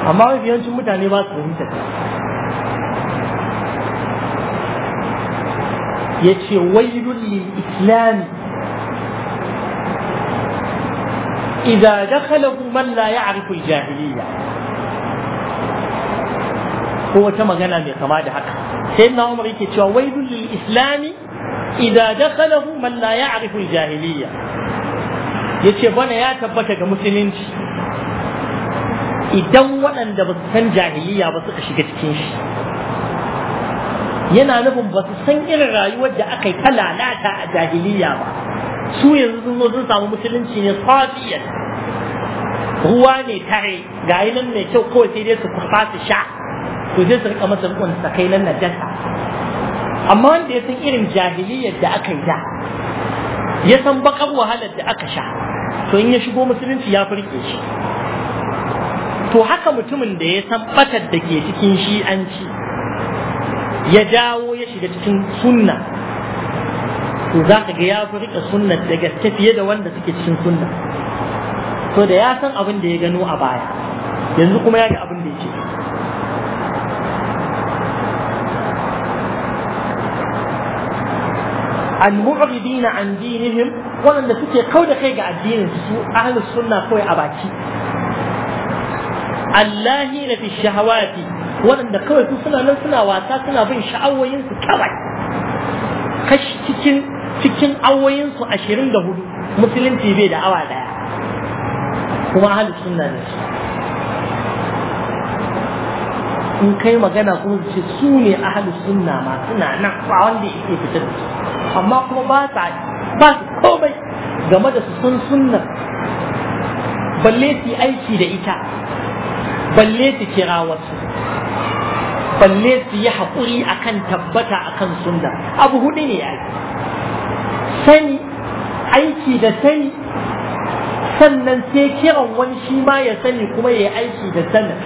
amma yawancin mutane ba su fahimta ya ce wailun lil islami إذا دخله من لا يعرف الجاهلية هو كما قال لي كما حق سيدنا عمر يكي ويل للإسلام إذا دخله من لا يعرف الجاهلية yace bana ya tabbata ga musulunci idan waɗanda ba su san jahiliya ba suka shiga cikin shi yana nufin ba su san irin rayuwar da aka yi ta lalata a jahiliya ba su yanzu sun zo sun samu musulunci ne safiyan ruwa ne tare ga yi nan mai kyau kawai sai dai su kurfa su sha to sai su rika masa rikon sakai nan na jasa amma wanda ya san irin jahiliyar da aka yi da ya san bakar wahalar da aka sha to in ya shigo musulunci ya furke shi to haka mutumin da ya san batar da ke cikin shi'anci ya dawo ya shiga cikin sunna to za ka ga ya fi riƙe sunnar da gaske fiye da wanda suke cikin sunna to da ya san abin da ya gano a baya yanzu kuma ya ga abin da ya ce al-mu'ridin an dinihim suke kau kai ga addinin su ahlus kawai a baki allahi na fi shahawati waɗanda kawai suna nan suna wasa suna bin sha'awoyinsu kawai kashi cikin cikin awoyinsu ashirin da hudu musulunci bai da awa daya kuma ahli sunna ne in kai magana kuma su ce su ne ahli sunna ma suna nan ba wanda yake fitar da su amma kuma ba sa ba su komai game da su sun sunna balle su aiki da ita balle su kira wasu balle su yi haƙuri akan tabbata akan sunna abu hudu ne ya yi sani aiki da sani sannan sai kiran wani shi ma ya sani kuma ya yi aiki da sannan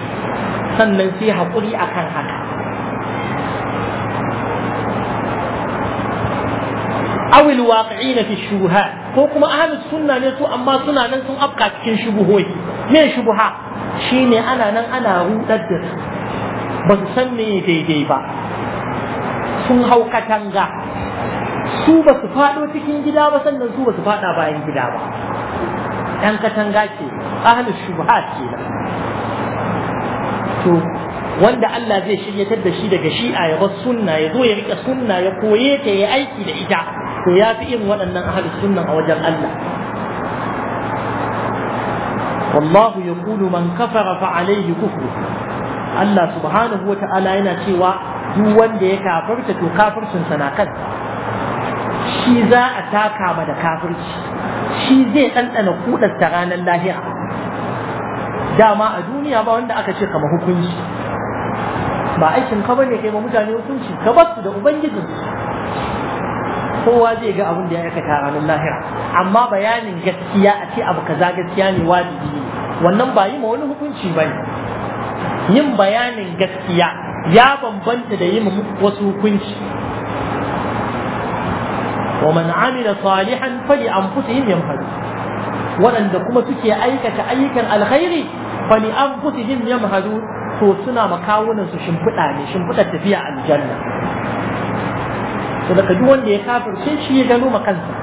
sannan sai haƙuri a kan haka awil waƙi na fi shubuha ko kuma ahalus suna ne su amma suna nan sun afka cikin shubuhoyi me shubuha shine ana nan ana rudar da ba su san me daidai ba sun hau katanga su ba su faɗo cikin gida ba sannan su ba su faɗa bayan gida ba ɗan katanga ke ahalus shubhat ke nan to wanda Allah zai shiryatar da shi daga shi'a ya bar sunna ya zo ya rike sunna ya koye ta ya aiki da ita to ya fi irin waɗannan ahalin sunna a wajen Allah والله يقول من كفر فعليه كفره Allah subhanahu Wata'ala yana cewa duk wanda ya tafarta to kafircin na shi za a taka ma da kafirci shi zai ɗanɗana kuɗar ta ranar lahira dama a duniya ba wanda aka ce kama hukunci ba aikin ka bane kai ma mutane hukunci ka ba su da ubangijin kowa zai ga abin da ya aikata ranar lahira amma bayanin gaskiya a ce abu kaza gaskiya ne wajibi ne wannan ba yi ma wani hukunci ba ne yin bayanin gaskiya ya bambanta da yi ma wasu hukunci ومن عمل صالحا فلأنفسهم يمهدون waɗanda kuma suke aikata ayyukan alkhairi fali an fusihim yamhadu to suna makawunan su shimfiɗa ne shimfiɗa tafiya aljanna to daga duk wanda ya kafirce shi ya gano makansa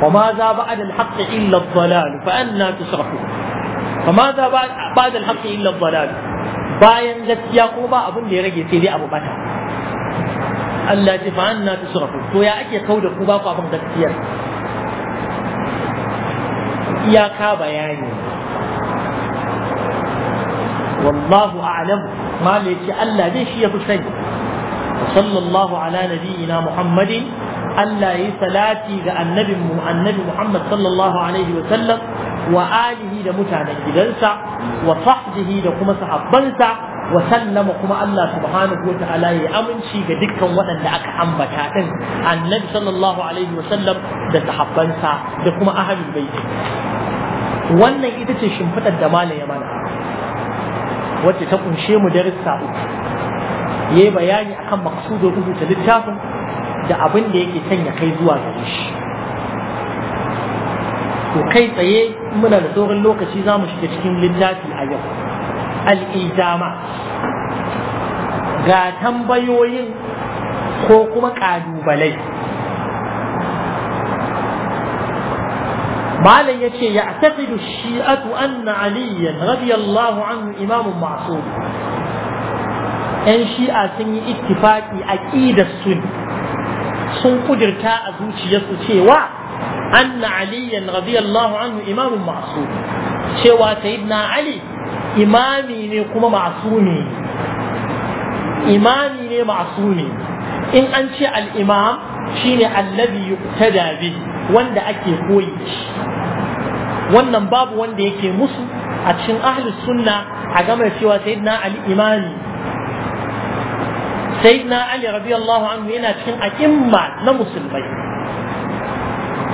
wa ma za ba'ad al-haqq illa ad-dalal fa anna tusrafu fa za bayan gaskiya ko ba abin da ya rage sai dai abu bata Allah ce fa anna tusrafu to ya ake kauda ku ba ku abin gaskiya iyaka bayani wallahu a'lam ma Allah dai shi ya fi sani sallallahu ala nabiyina muhammadin Allah yi salati ga annabin mu annabi Muhammad sallallahu alaihi wa sallam wa alihi da mutanen gidansa wa sahbihi da kuma sahabbansa wa kuma Allah subhanahu wa ta'ala ya aminci ga dukkan waɗanda aka ambata din annabi sallallahu alaihi wa sallam da sahabbansa da kuma ahlul baiti wannan ita ce shimfiɗar da malam ya mana wacce ta kunshe mu darussa uku yayi bayani akan maqsudin rubuta littafin da abinda yake yake ya kai zuwa gare shi to kai tsaye muna da sauran lokaci za mu shiga cikin littafi a yau al'ijama ga tambayoyin ko kuma ƙalubalai malam ya ce ya taƙidu shi'atu anna aliyan radiyallahu anhu imamun masu ‘yan shi'a sun yi ittifaƙi a ƙidarsu sun kudirta a zuciyarsu cewa anna aliyan radiyallahu anhu imamun masu cewa na ali imami ne kuma imami ne in an ce al'imam shine allabi ta dabe wanda ake koyi wannan babu wanda yake musu a cikin ahli sunna a game cewa na ali imami na ali radiyallahu anhu yana cikin aqimma na musulmai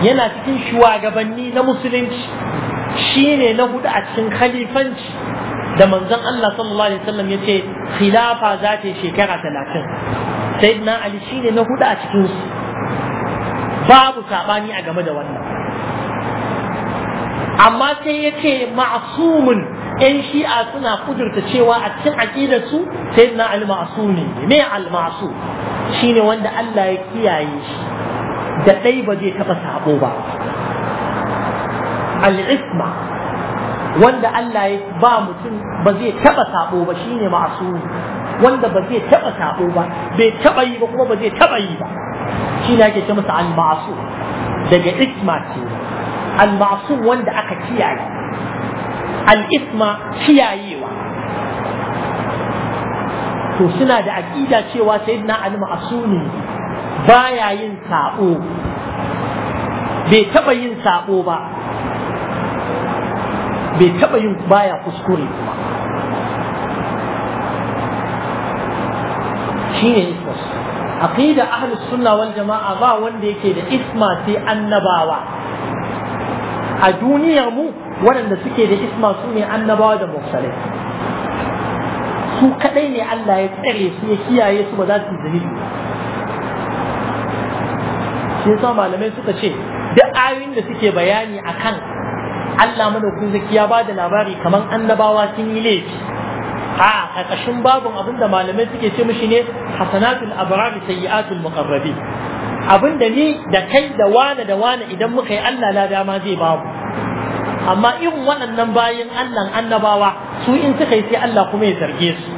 yana cikin shugabanni na musulunci ne na hudu a cikin khalifanci da manzon Allah sallallahu alaihi wasallam yace khilafa za ta shekara 30 sayyidina ali ne na hudu a cikin su babu sabani a game da wannan amma sai yace ma'sumun yan shi'a suna kudurta cewa a cikin aƙidar su sai na almasu ne me almasu shine wanda Allah ya kiyaye shi da ɗai ba zai taɓa sabo ba al'isma wanda Allah ya ba mutum ba zai taɓa saɓo ba shine ma'asumi wanda ba zai taɓa saɓo ba bai taɓa yi ba kuma ba zai taɓa yi ba shi shine ake ce masa al-ma'sum daga isma ce al-ma'sum wanda aka kiyaye al-isma kiyayewa to suna da aqida cewa sayyidina al-ma'sumi baya yin saɓo, bai taɓa yin saɓo ba bai taɓa yin baya kuskure kuma shi ne ismos aqida ahli sunna wal jama'a ba wanda yake da isma sai annabawa a duniyar mu waɗanda suke da isma su ne annabawa da mursalai su kadai ne Allah ya tsare su ya kiyaye su ba za su ba. shi yasa malamai suka ce duk ayoyin da suke bayani akan Allah madaukakin zaki ya bada labari kamar annabawa sun yi laifi a karkashin babun abinda malamai suke ce mishi ne hasanatul abrar sayyi'atul muqarrabin da ni da kai da wane da wane idan muka yi Allah na dama zai babu amma irin waɗannan bayan Allah annabawa su in suka yi sai Allah kuma ya zarge su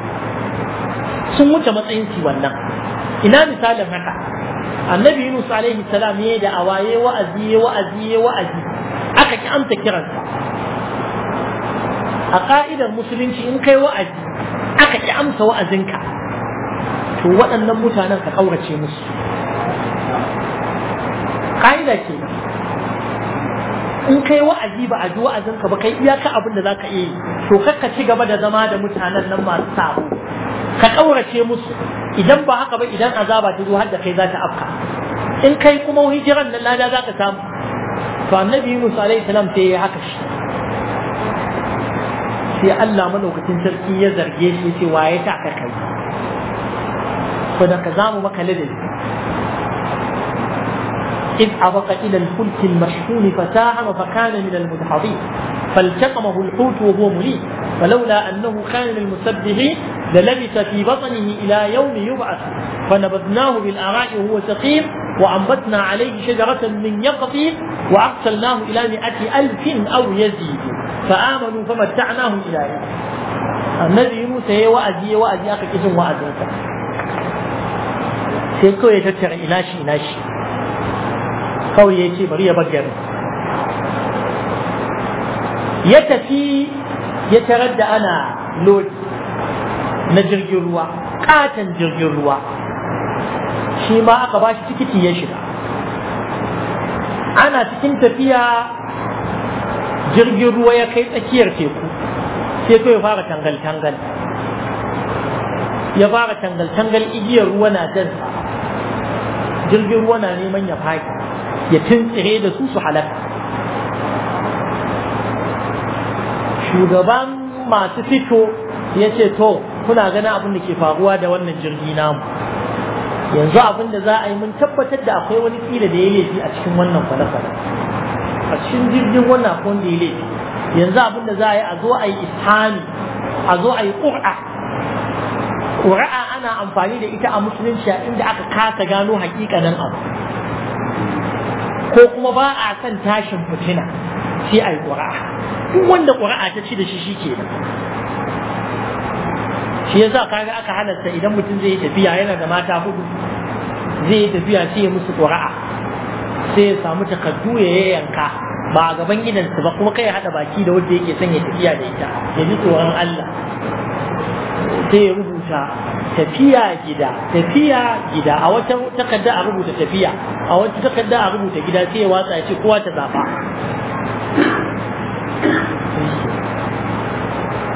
sun wuce matsayin su wannan ina misalin haka annabi Yunus alaihi salam yayi da awaye wa'azi wa'azi wa'azi aka ki amsa kiransa a ƙa'idar musulunci in kai wa'azi aka ki amsa wa'azinka to waɗannan mutanen ka ƙaurace musu Ƙa'ida ke in kai wa'azi ba a ji wa'azinka ba kai iyaka abin da za ka iya yi to kakka ci gaba da zama da mutanen nan masu sabo ka ƙaurace musu idan ba haka ba idan azaba ta zo har da kai za ta afka in kai kuma hijiran nan lada za ka samu كان نبي موسى عليه السلام تي عكش تي ألا منو كتن تركي يزر ya تي واي ya ce waye ta ka إذ أبق إلى الفلك المشحون فساهم فكان من المدحضين فالتقمه الحوت وهو مليم فلولا أنه كان من المسبحين للبث في بطنه إلى يوم يبعث فنبذناه بالأعراء وهو سقيم وأنبتنا عليه شجرة من يقطين وأرسلناه إلى مئة ألف أو يزيد فآمنوا فمتعناهم إلى يوم النبي موسى وأزي وأزي أخي اسم وأزنك سيكو يتتر إلى شيء إلى شيء قوي يتي بريا بجر يتفي يتردى أنا لود نجرجي الروا قاتل جرجي الروا shi ma aka ba shi tikiti ya shiga ana cikin tafiya jirgin ruwa ya kai tsakiyar teku sai kai fara tangal-tangal ya fara tangal-tangal igiyar ruwa na jansa jirgin ruwa na neman ya faki ya tuntsire da su su halaka shugaban masu fito ya ce to kuna gani abin da ke faruwa da wannan jirgi namu yanzu abin da za a yi mun tabbatar da akwai wani kila da ya laifi a cikin wannan kwale-kwale a cikin jirgin wannan akwai wanda ya laifi yanzu abin da za a yi a zo a yi ishani a zo a yi ƙura ƙura'a ana amfani da ita a musulunci a inda aka kasa gano hakikanin abu ko kuma ba a son tashin fitina sai a yi ƙura'a duk wanda ƙura'a ta ci da shi shi kenan shi yasa kaga aka halarta idan mutum zai yi tafiya yana da mata hudu zai yi tafiya sai ya musu ƙura'a sai ya samu takardu ya yanka ba a gaban gidansu ba kuma kai ya haɗa baki da wanda yake son ya tafiya da ita ya ji tsoron Allah sai ya rubuta tafiya gida tafiya gida a wata takarda a rubuta tafiya a wata takarda a rubuta gida sai ya watsa ya ce kowa ta zafa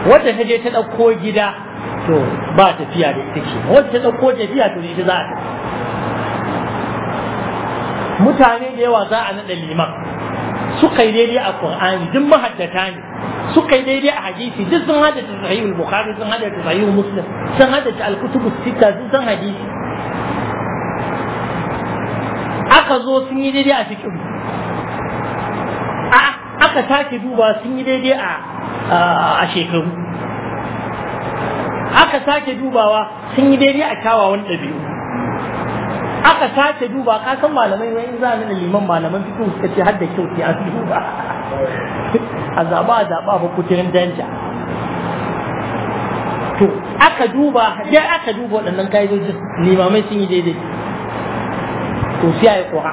wata ta je ta ɗauko gida to ba tafiya da ita ce wacce ta ɗauko tafiya to ita za a tafi mutane da yawa za a naɗa liman suka yi daidai a Qur'ani duk mahaddata ne suka yi daidai a hadisi duk sun haddace sahihul bukhari sun haddace sahihul muslim sun da al-kutubu sita duk sun hadisi aka zo sun yi daidai a cikin, aka sake duba sun yi daidai a a shekaru aka sake dubawa sun yi daidai a kyawawan ɗabi'u aka sake duba ka san malamai wani in za a nuna liman malaman fito suka ce har da kyau sai an duba a zaba a zaba ba kuturin danja to aka duba ya aka duba waɗannan ka'idojin limamai sun yi daidai to siya ya kura.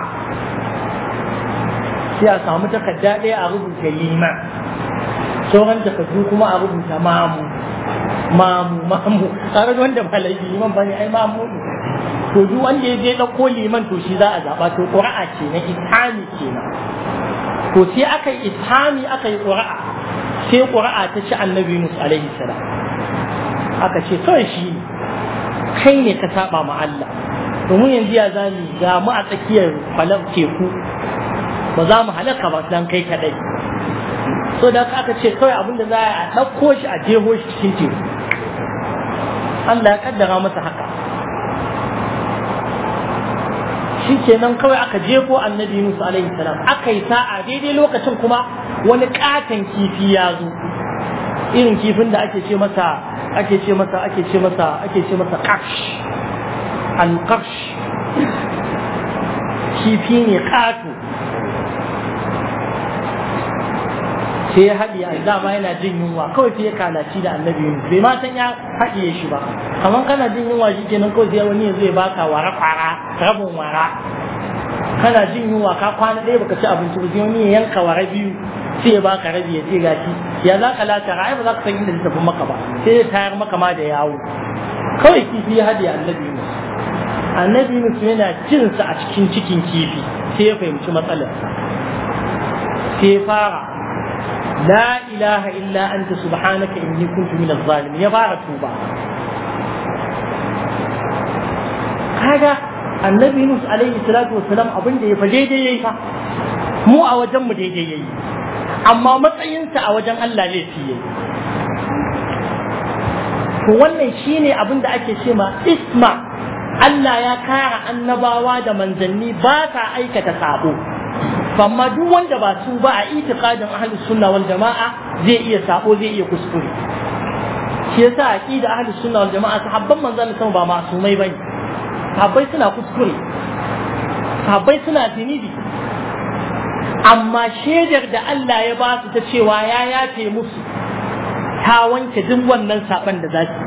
siya sai a samu takarda ɗaya a rubuta liman sauran takardu kuma a rubuta mamun. mamu mamu karar wanda ba laifi liman ba ne ai mamu ne to duk wanda ya je ɗauko liman to shi za a zaɓa to ƙura'a ce na ithami ce na. to sai aka yi ithami aka yi ƙura'a sai ƙura'a ta ci annabi musu alaihi salam aka ce kawai shi kai ne ka saba ma Allah domin yanzu ya zani ga mu a tsakiyar kwalar teku ba za mu halaka ba dan kai kaɗai so da aka ce kawai abinda za a ɗauko shi a jeho shi cikin teku Allah ya kaddara masa haka shi kenan kawai aka jefo annabi Musa alaihi salam aka yi sa'a daidai lokacin kuma wani katon kifi ya zo irin kifin da ake ce masa ake ce masa ake ce masa ake ce masa kash al kash kifi ne kato sai ya a dama yana jin yunwa kawai sai ya kalaci da annabi yunus bai ma san ya haɗiye shi ba amma kana jin yunwa shi kenan kawai sai wani zai baka wara kwara rabin wara kana jin yunwa ka kwana ɗaya baka ci abinci ba sai wani ya yanka wara biyu sai ya baka rabi ya ce gashi ya za ka lata ra'ayi ba za ka san inda zai tafi maka ba sai ya tayar maka ma da yawo kawai kifi ya haɗe annabi yunus annabi yunus yana jinsa a cikin cikin kifi sai ya fahimci matsalarsa sai ya fara La'ilaha ilaha illa anta subhanaka inni kuntu minaz zalimin ya fara tuba kaga annabi nus alaihi salatu wassalam abin da ya fa daidai yayi fa mu a wajen mu daidai yayi amma matsayinsa a wajen Allah wannan shine abin da ake ce ma isma Allah ya kara annabawa da manzanni ba ta aikata sabo amma duk wanda ba su ba a itiqadin ahlus sunna wal jama'a zai iya sabo zai iya kuskure shi yasa aqida ahlus sunna wal jama'a sahabban manzon Allah ba masumai bane sahabbai suna kuskure sahabbai suna tinibi amma shaidar da Allah ya ba su ta cewa ya yafe musu ta wanke duk wannan saban da za su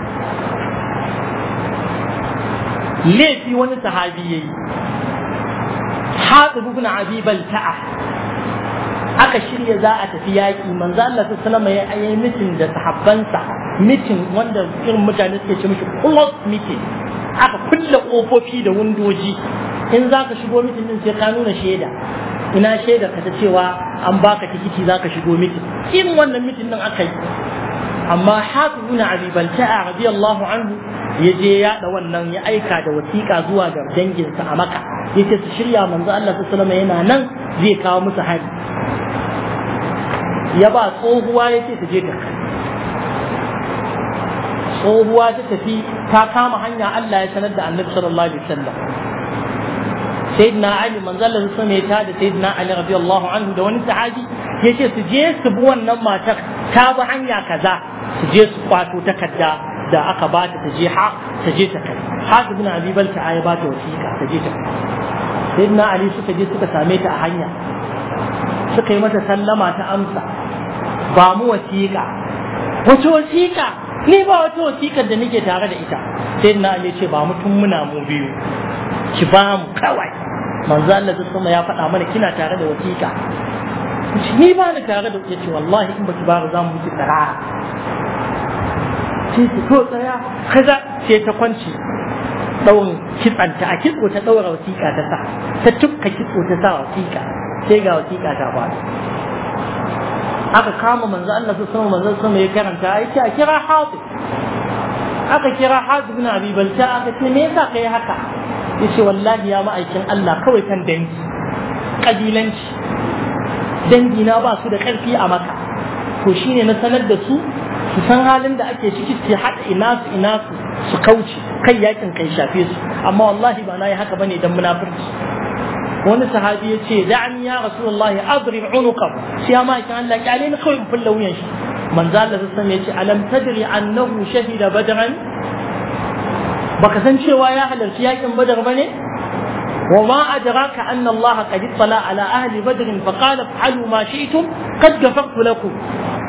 laifi wani sahabi yayi Hatib ibn Abi Balta'a aka shirya za a tafi yaƙi manzo Allah sallallahu alaihi wasallam ya mitin da sahabbansa mitin wanda irin mutane suke ce mishi close meeting aka kulle kofofi da windoji in za ka shigo mitin din sai ka nuna shaida ina shaida ka ta cewa an baka tikiti za ka shigo mitin in wannan mitin din aka yi amma haku ibn abi balta'a radiyallahu anhu ya je ya da wannan ya aika da wasiƙa zuwa ga danginsa a maka Ya ce su shirya manzo Allah sallallahu alaihi yana nan zai kawo musu hari ya ba tsohuwa yace ta je ta tsohuwa ta tafi ta kama hanya Allah ya sanar da Annabi sallallahu alaihi wasallam sayyidina Ali manzo Allah sallallahu ya ta da sayyidina Ali radiyallahu anhu da wani sahabi yace su je su bi wannan matar ta bi hanya kaza su je su kwato takarda da aka ba ta je ha ta je ta kai haka bin abi balta ya ba ta wasiƙa ta je ta kai na ali suka je suka same ta a hanya suka yi mata sallama ta amsa ba mu wasiƙa wace wasiƙa ni ba wata wasiƙar da nake tare da ita na ali ce ba mutum muna mu biyu ki ba mu kawai manzo Allah sama ya faɗa mana kina tare da wasiƙa ni ba ni tare da yace wallahi in baki ba za mu miki tsara ce ki ko tsaya kaza sai ta kwanci daurin kitsanta a kitso ta daura wasiƙa ta sa ta tukka kitso ta sa wasiƙa sai ga wasiƙa ta ba aka kama manzo Allah su sama manzo sama ya karanta ai ce a kira Hafiz aka kira Hafiz bin Abi Balta aka ce me yasa kai haka yace wallahi ya ma'aikin Allah kawai kan dangi kabilanci dangi na ba su da karfi a maka to shine na sanar da su su san halin da ake ciki su haɗa ina su ina su su kauce kai yakin kai shafe su amma wallahi ba na yi haka bane dan munafurci wani sahabi ya ce da'ani ya rasulullahi adrib unuqab shi ya ma kan Allah kyale ni kawai fulla wuyan shi manzo Allah sai ya ce alam tadri annahu shahida badran baka san cewa ya halarci yakin badar bane وما أدراك أن الله قد اطلع على أهل بدر فقال افعلوا ما شئتم قد غفرت لكم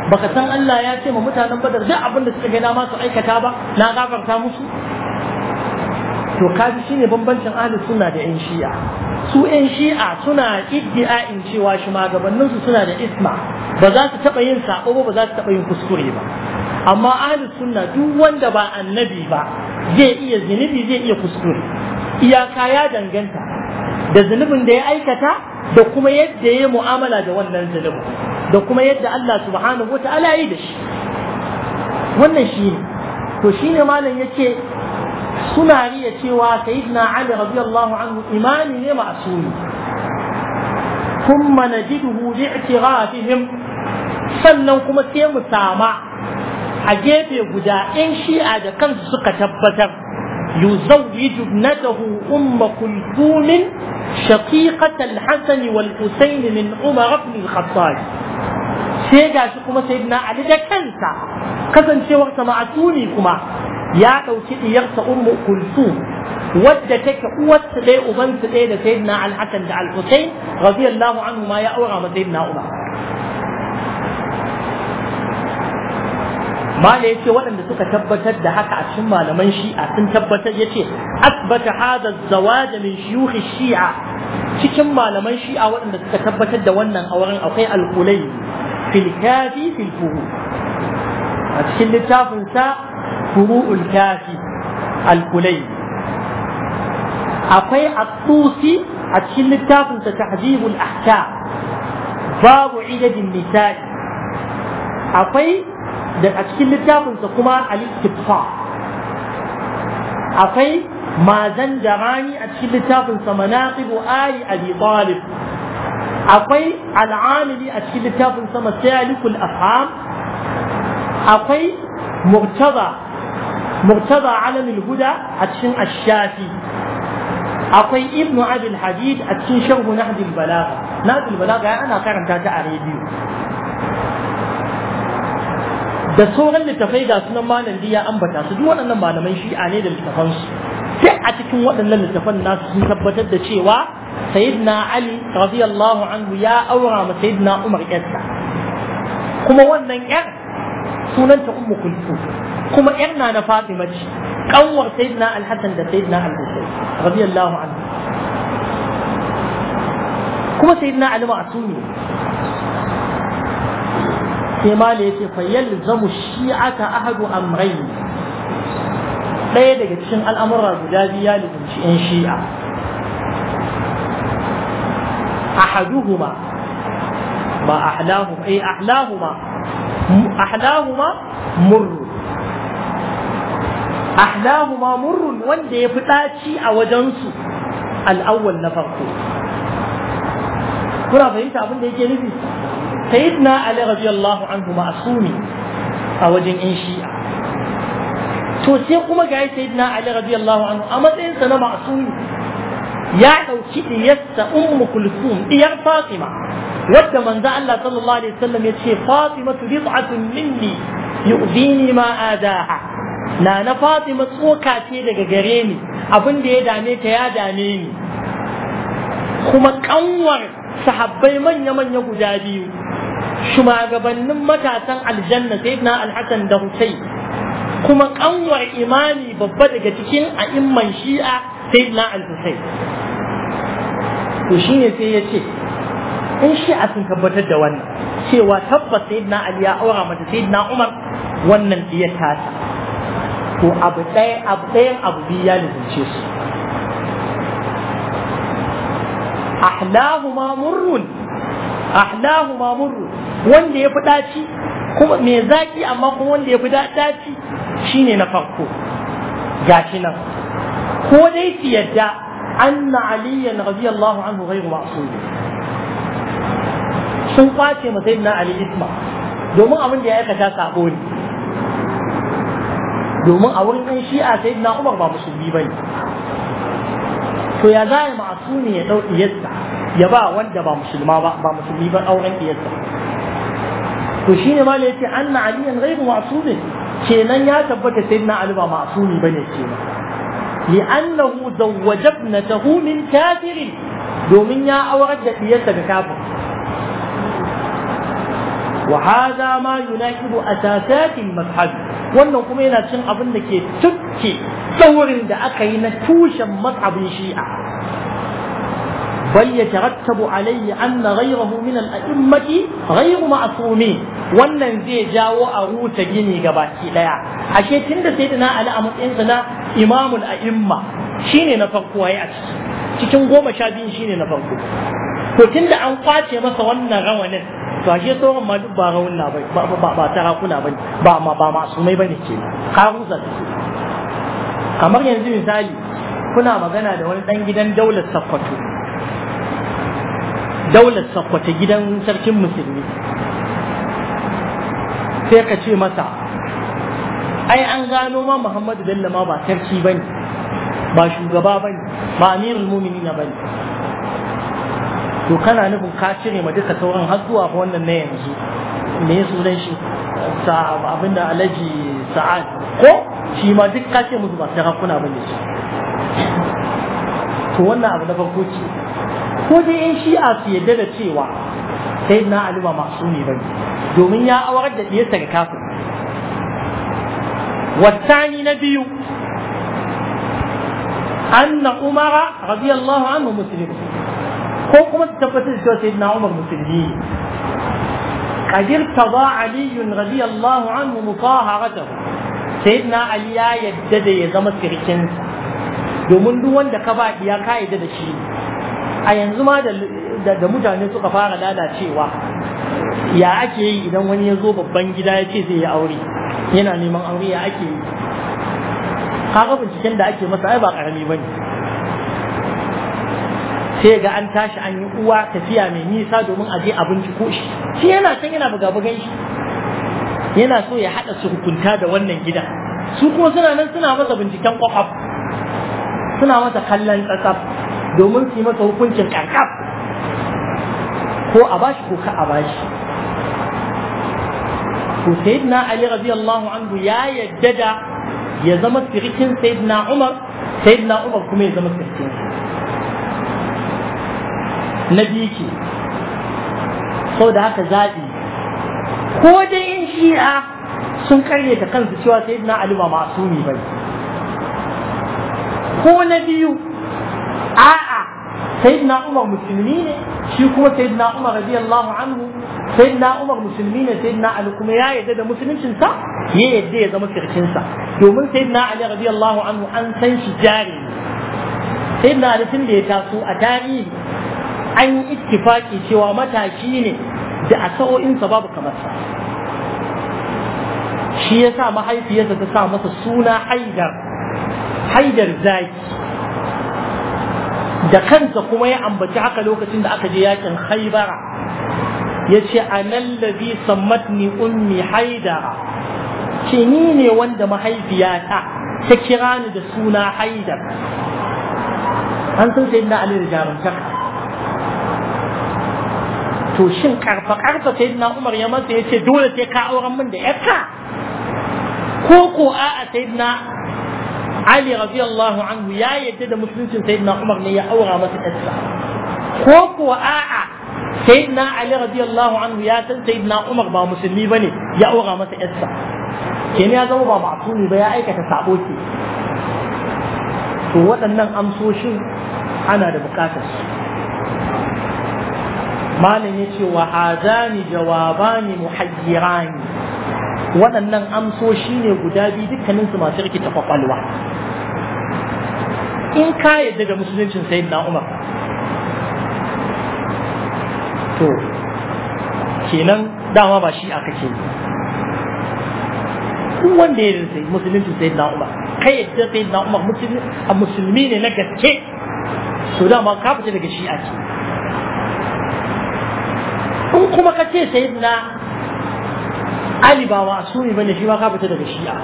baka san Allah ya ce ma mutanen badar duk abin da suka gina masu aikata ba na gafarta musu to kaji shine bambancin ahlus sunna da yan shi'a su yan shi'a suna in cewa shugabannin su suna da isma ba za su taba yin sako ba ba za su taba yin kuskure ba amma ahlus sunna duk wanda ba annabi ba zai iya zinubi zai iya kuskure iyaka ya danganta da zunubin da ya aikata da kuma yadda ya mu'amala da wannan zunubin da kuma yadda Allah subhanahu wa ta'ala yi da shi wannan shi ne to shi ne malam ya ce suna riya cewa sayyidina ali radiyallahu anhu imani ne ma'asumi kuma najiduhu bi'tirafihim sannan kuma sai mu sama a gefe guda in shi'a da kansu suka tabbatar يزوج ابنته أم كلثوم شقيقة الحسن والحسين من عمر بن الخطاب sai ga shi kuma sai na Ali da kansa kasancewarsa ma'asumi kuma ya ɗauki ɗiyarsa ummu kulsum wadda take uwarsa ɗaya ubansa ɗaya da sayyidina al-hasan da al-husayn radiyallahu anhu ma ya aura ma sayyidina umar mala yace waɗanda suka tabbatar da haka a cikin malaman shi'a sun tabbatar yace asbata hadha az-zawaj min shuyukh shia cikin malaman shi'a waɗanda suka tabbatar da wannan auren akwai al-qulay fil kafi fil furu a cikin littafin sa furu'ul kafi al akwai at a cikin littafin sa tahdhibul ahkam babu idadin nisa'i akwai da a cikin littafinsa kuma al akwai mazan jarani a cikin littafinsa manaqibu ali abi talib akwai al'amili a cikin littafinsa masalikul afham akwai murtaza murtaba alamil huda a cikin ashafi akwai ibnu abil hadid a cikin sharhu nahdil balagha nahdil balagha ana karanta ta a rediyo da sauran littafai ga sunan malam ya ambata su duk waɗannan malamai shi'a ne da littafansu sai a cikin waɗannan littafan nasu sun tabbatar da cewa sayyidina ali radiyallahu anhu ya aura ma sayyidina umar yarsa kuma wannan yar sunanta ummu kulthum kuma yar na na fatima ce kanwar sayyidina al-hasan da sayyidina al-husayn radiyallahu anhu kuma sayyidina ali ma'sumi sai ma ne yace fa shi aka ahadu amrayn ɗaya daga cikin al'amura guda biyu ya lizumci yan shi'a ahaduhuma ba ahlahuma eh ahlahuma ahlahuma murru ahlahuma murrun wanda ya fi ɗaci a wajensu al'awwal na farko kuna fahimta abin da yake nufi sayyidina ali radiyallahu anhu ma'sumi a wajen in shi'a to sai kuma ga sayyidina ali radiyallahu anhu a matsayin sa na ma'sumi ya dauki diyarsa ummu kulsum diyar fatima wadda manzo Allah sallallahu alaihi wasallam ya ce fatima bid'atun minni yu'dini ma adaha na na fatima tsoka ce daga gare ni abin da ya dame ta ya dame ni kuma kanwar sahabbai manya-manya guda biyu shugabannin matasan aljanna sayyidina na alhassan da husayn kuma kanwar imani babba daga cikin a a'imman shi'a sayyidina na husayn to shine sai ya ce in shi'a sun tabbatar da wannan cewa tabbas na ali ya aura mata na umar wannan diyar tasa to abu ɗaya abu ɗayan abu biyu ya lubunce su ahlahuma murrun ahlahuma murrun wanda ya fi ɗaci kuma mai zaƙi amma kuma wanda ya fi ɗaci shine na farko gashi nan ko dai ki yadda anna rabi radiyallahu anhu zai ghairu ma'sum sun kwace ma sayyidina ali isma domin abin da ya aikata sabo ne domin a wurin ɗan shi'a sayyidina umar ba musulmi ba ne. to ya zai ma'sumi ya dau iyarsa ya ba wanda ba musulma ba ba musulmi ba auren iyarsa to shine ma ne yace anna aliyan ghairu ma'sumi kenan ya tabbata sai na ali ba ma'sumi bane annahu li'annahu na tahu min kafirin domin ya aurar da diyarsa ga kafin. wa hada ma yunaqidu asasatin mazhab wannan kuma yana cin abin da ke tukke saurin da aka yi na tushen mazhabin shi'a بل يترتب عليه أن غيره من الأئمة غير معصومين wannan zai jawo a ruta gini gabaki daya ashe tunda sai dana ala a matsayinsa na imamul a'imma shine na farko ai a ciki cikin goma sha biyu shine na farko to tunda an kwace masa wannan rawanin to ashe sauran ma duk ba bai ba ba ba tarakuna ba ba ma ba masumai bane ke karuza kamar yanzu misali kuna magana da wani dan gidan daular sakkwato daular sakwata gidan sarkin musulmi sai ka ce masa ai an gano ma muhammadu bello ma ba sarki ba ne ba shugaba ba ne ba amirul mumini na ba ne to kana nufin ka cire ma duka sauran har zuwa wannan na yanzu me ya sunan shi sa abinda alaji sa'ad ko shi ma duk ka ce musu ba hakuna ba ne to wannan abu na farko ce ko dai yan shi'a su yadda da cewa sai na ali ba masumi bane domin ya aurar da diyarsa ga kafin wasani na biyu anna umara radiyallahu anhu muslim ko kuma su tabbatar da cewa sai na umar musulmi قد ارتضى علي رضي الله عنه مطهرته Ali ya يا da يا زما سركنسا domin duk wanda ka ba iya ka'ida da shi a yanzu ma da mutane suka fara lalacewa ya ake yi idan wani ya zo babban gida ya ce zai yi aure yana neman aure ya ake yi kaga binciken da ake masa ai ba karami ba ne sai ga an tashi an yi uwa tafiya mai nisa domin a je a binciko shi shi yana can yana buga bugan shi yana so ya haɗa su hukunta da wannan gida su kuma suna nan suna masa binciken kwakwaf suna masa kallon tsatsaf domin su yi masa hukuncin karkar ko a bashi ko ka a bashi Ko sayyidina ali radiyallahu anhu ya yadda da ya zama sirikin sayyidina umar sayyidina umar kuma ya zama sirikin na biyu ke sau da haka zaɓi ko dai in shi'a sun karye ta kansu cewa sayyidina ali ba masumi ba. ko na biyu a'a sayyidina umar musulmi ne shi kuma sayyidina umar radiyallahu anhu sayyidina umar musulmi ne sayyidina ali kuma ya yadda da musuluncin sa ya yadda ya zama kirkin sa domin sayyidina ali radiyallahu anhu an san shi jari sayyidina ali tun da ya taso a tarihi an yi ittifaki cewa matashi ne da a sa'o'insa babu kamar sa shi ya sa mahaifiyarsa ta sa masa suna haidar haidar zaki da kansa kuma ya ambaci haka lokacin da aka je yakin haibara yace ce ladhi sammatni ummi haidara ki ni ne wanda mahaifiyata ta kira ni da suna haidar an san sai da ali da jarumtaka to shin karfa karfa sai na umar ya masa yace dole sai ka auren min da yarka ko ko a'a sai Ali radiyallahu anhu ya yadda da musuluncin sayyidina Umar ne ya aura masa ƴarsa. ko kuwa a'a sayyidina Ali radiyallahu anhu ya san sayyidina Umar ba musulmi bane ya aura masa ƴarsa. kenan ya zama ba ma'sumi ba ya aikata sabo ke to waɗannan amsoshin ana da bukatar su malam yace wa hazani jawabani muhayyirani waɗannan amsoshi ne guda biyu dukkaninsu masu rikita kwakwalwa in ka yadda da musuluncin na umar to kenan dama ba shi aka ce Kun wanda ya rinsa musuluncin na umar kai yadda na umar a musulmi ne na gaske to dama ka fita daga shi ake in kuma ka ce sayyidina ali ba masu ne bane shi ma ka fita daga shi'a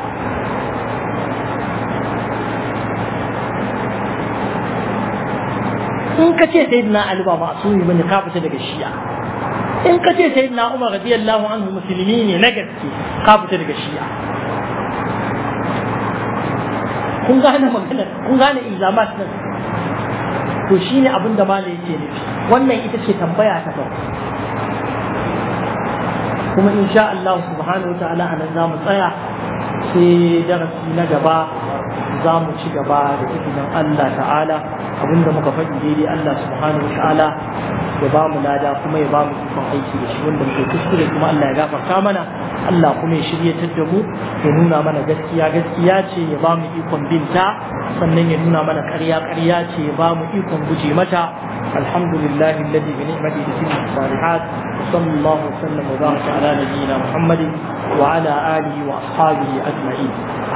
in ka ce sayyidina ali ba a ma'asumi bane ka fita daga shi'a in ka ce sayyidina umar radiyallahu anhu musulmi ne na gaske ka fita daga shi'a kun gane magana kun gane izamat nan to shi ne abin da malai yake nufi wannan ita ce tambaya ta farko kuma insha Allah subhanahu wa ta'ala anan za mu tsaya sai darasi na gaba za mu ci gaba da izinin Allah ta'ala abinda muka faɗi daidai Allah subhanahu wa ta'ala ya ba mu lada kuma ya ba mu ikon aiki da shi wanda muke kuskure kuma Allah ya gafarta mana Allah kuma ya shiryatar da mu ya nuna mana gaskiya gaskiya ce ya ba mu ikon binta sannan ya nuna mana ƙarya ƙarya ce ya ba mu ikon guje mata alhamdulillah alladhi bi ni'matihi tatimmu salihat sallallahu sallam wa baraka ala nabiyyina muhammad wa ala alihi wa ashabihi ajma'in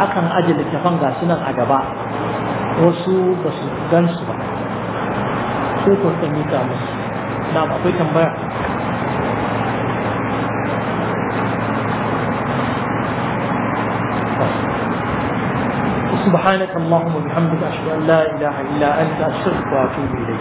akan ajal littafan ga sunan a gaba wasu ba su gan su ba sai ku musu الشباب akwai tambaya سبحانك اللهم وبحمدك أشهد أن لا إله إلا أنت أستغفرك وأتوب إليك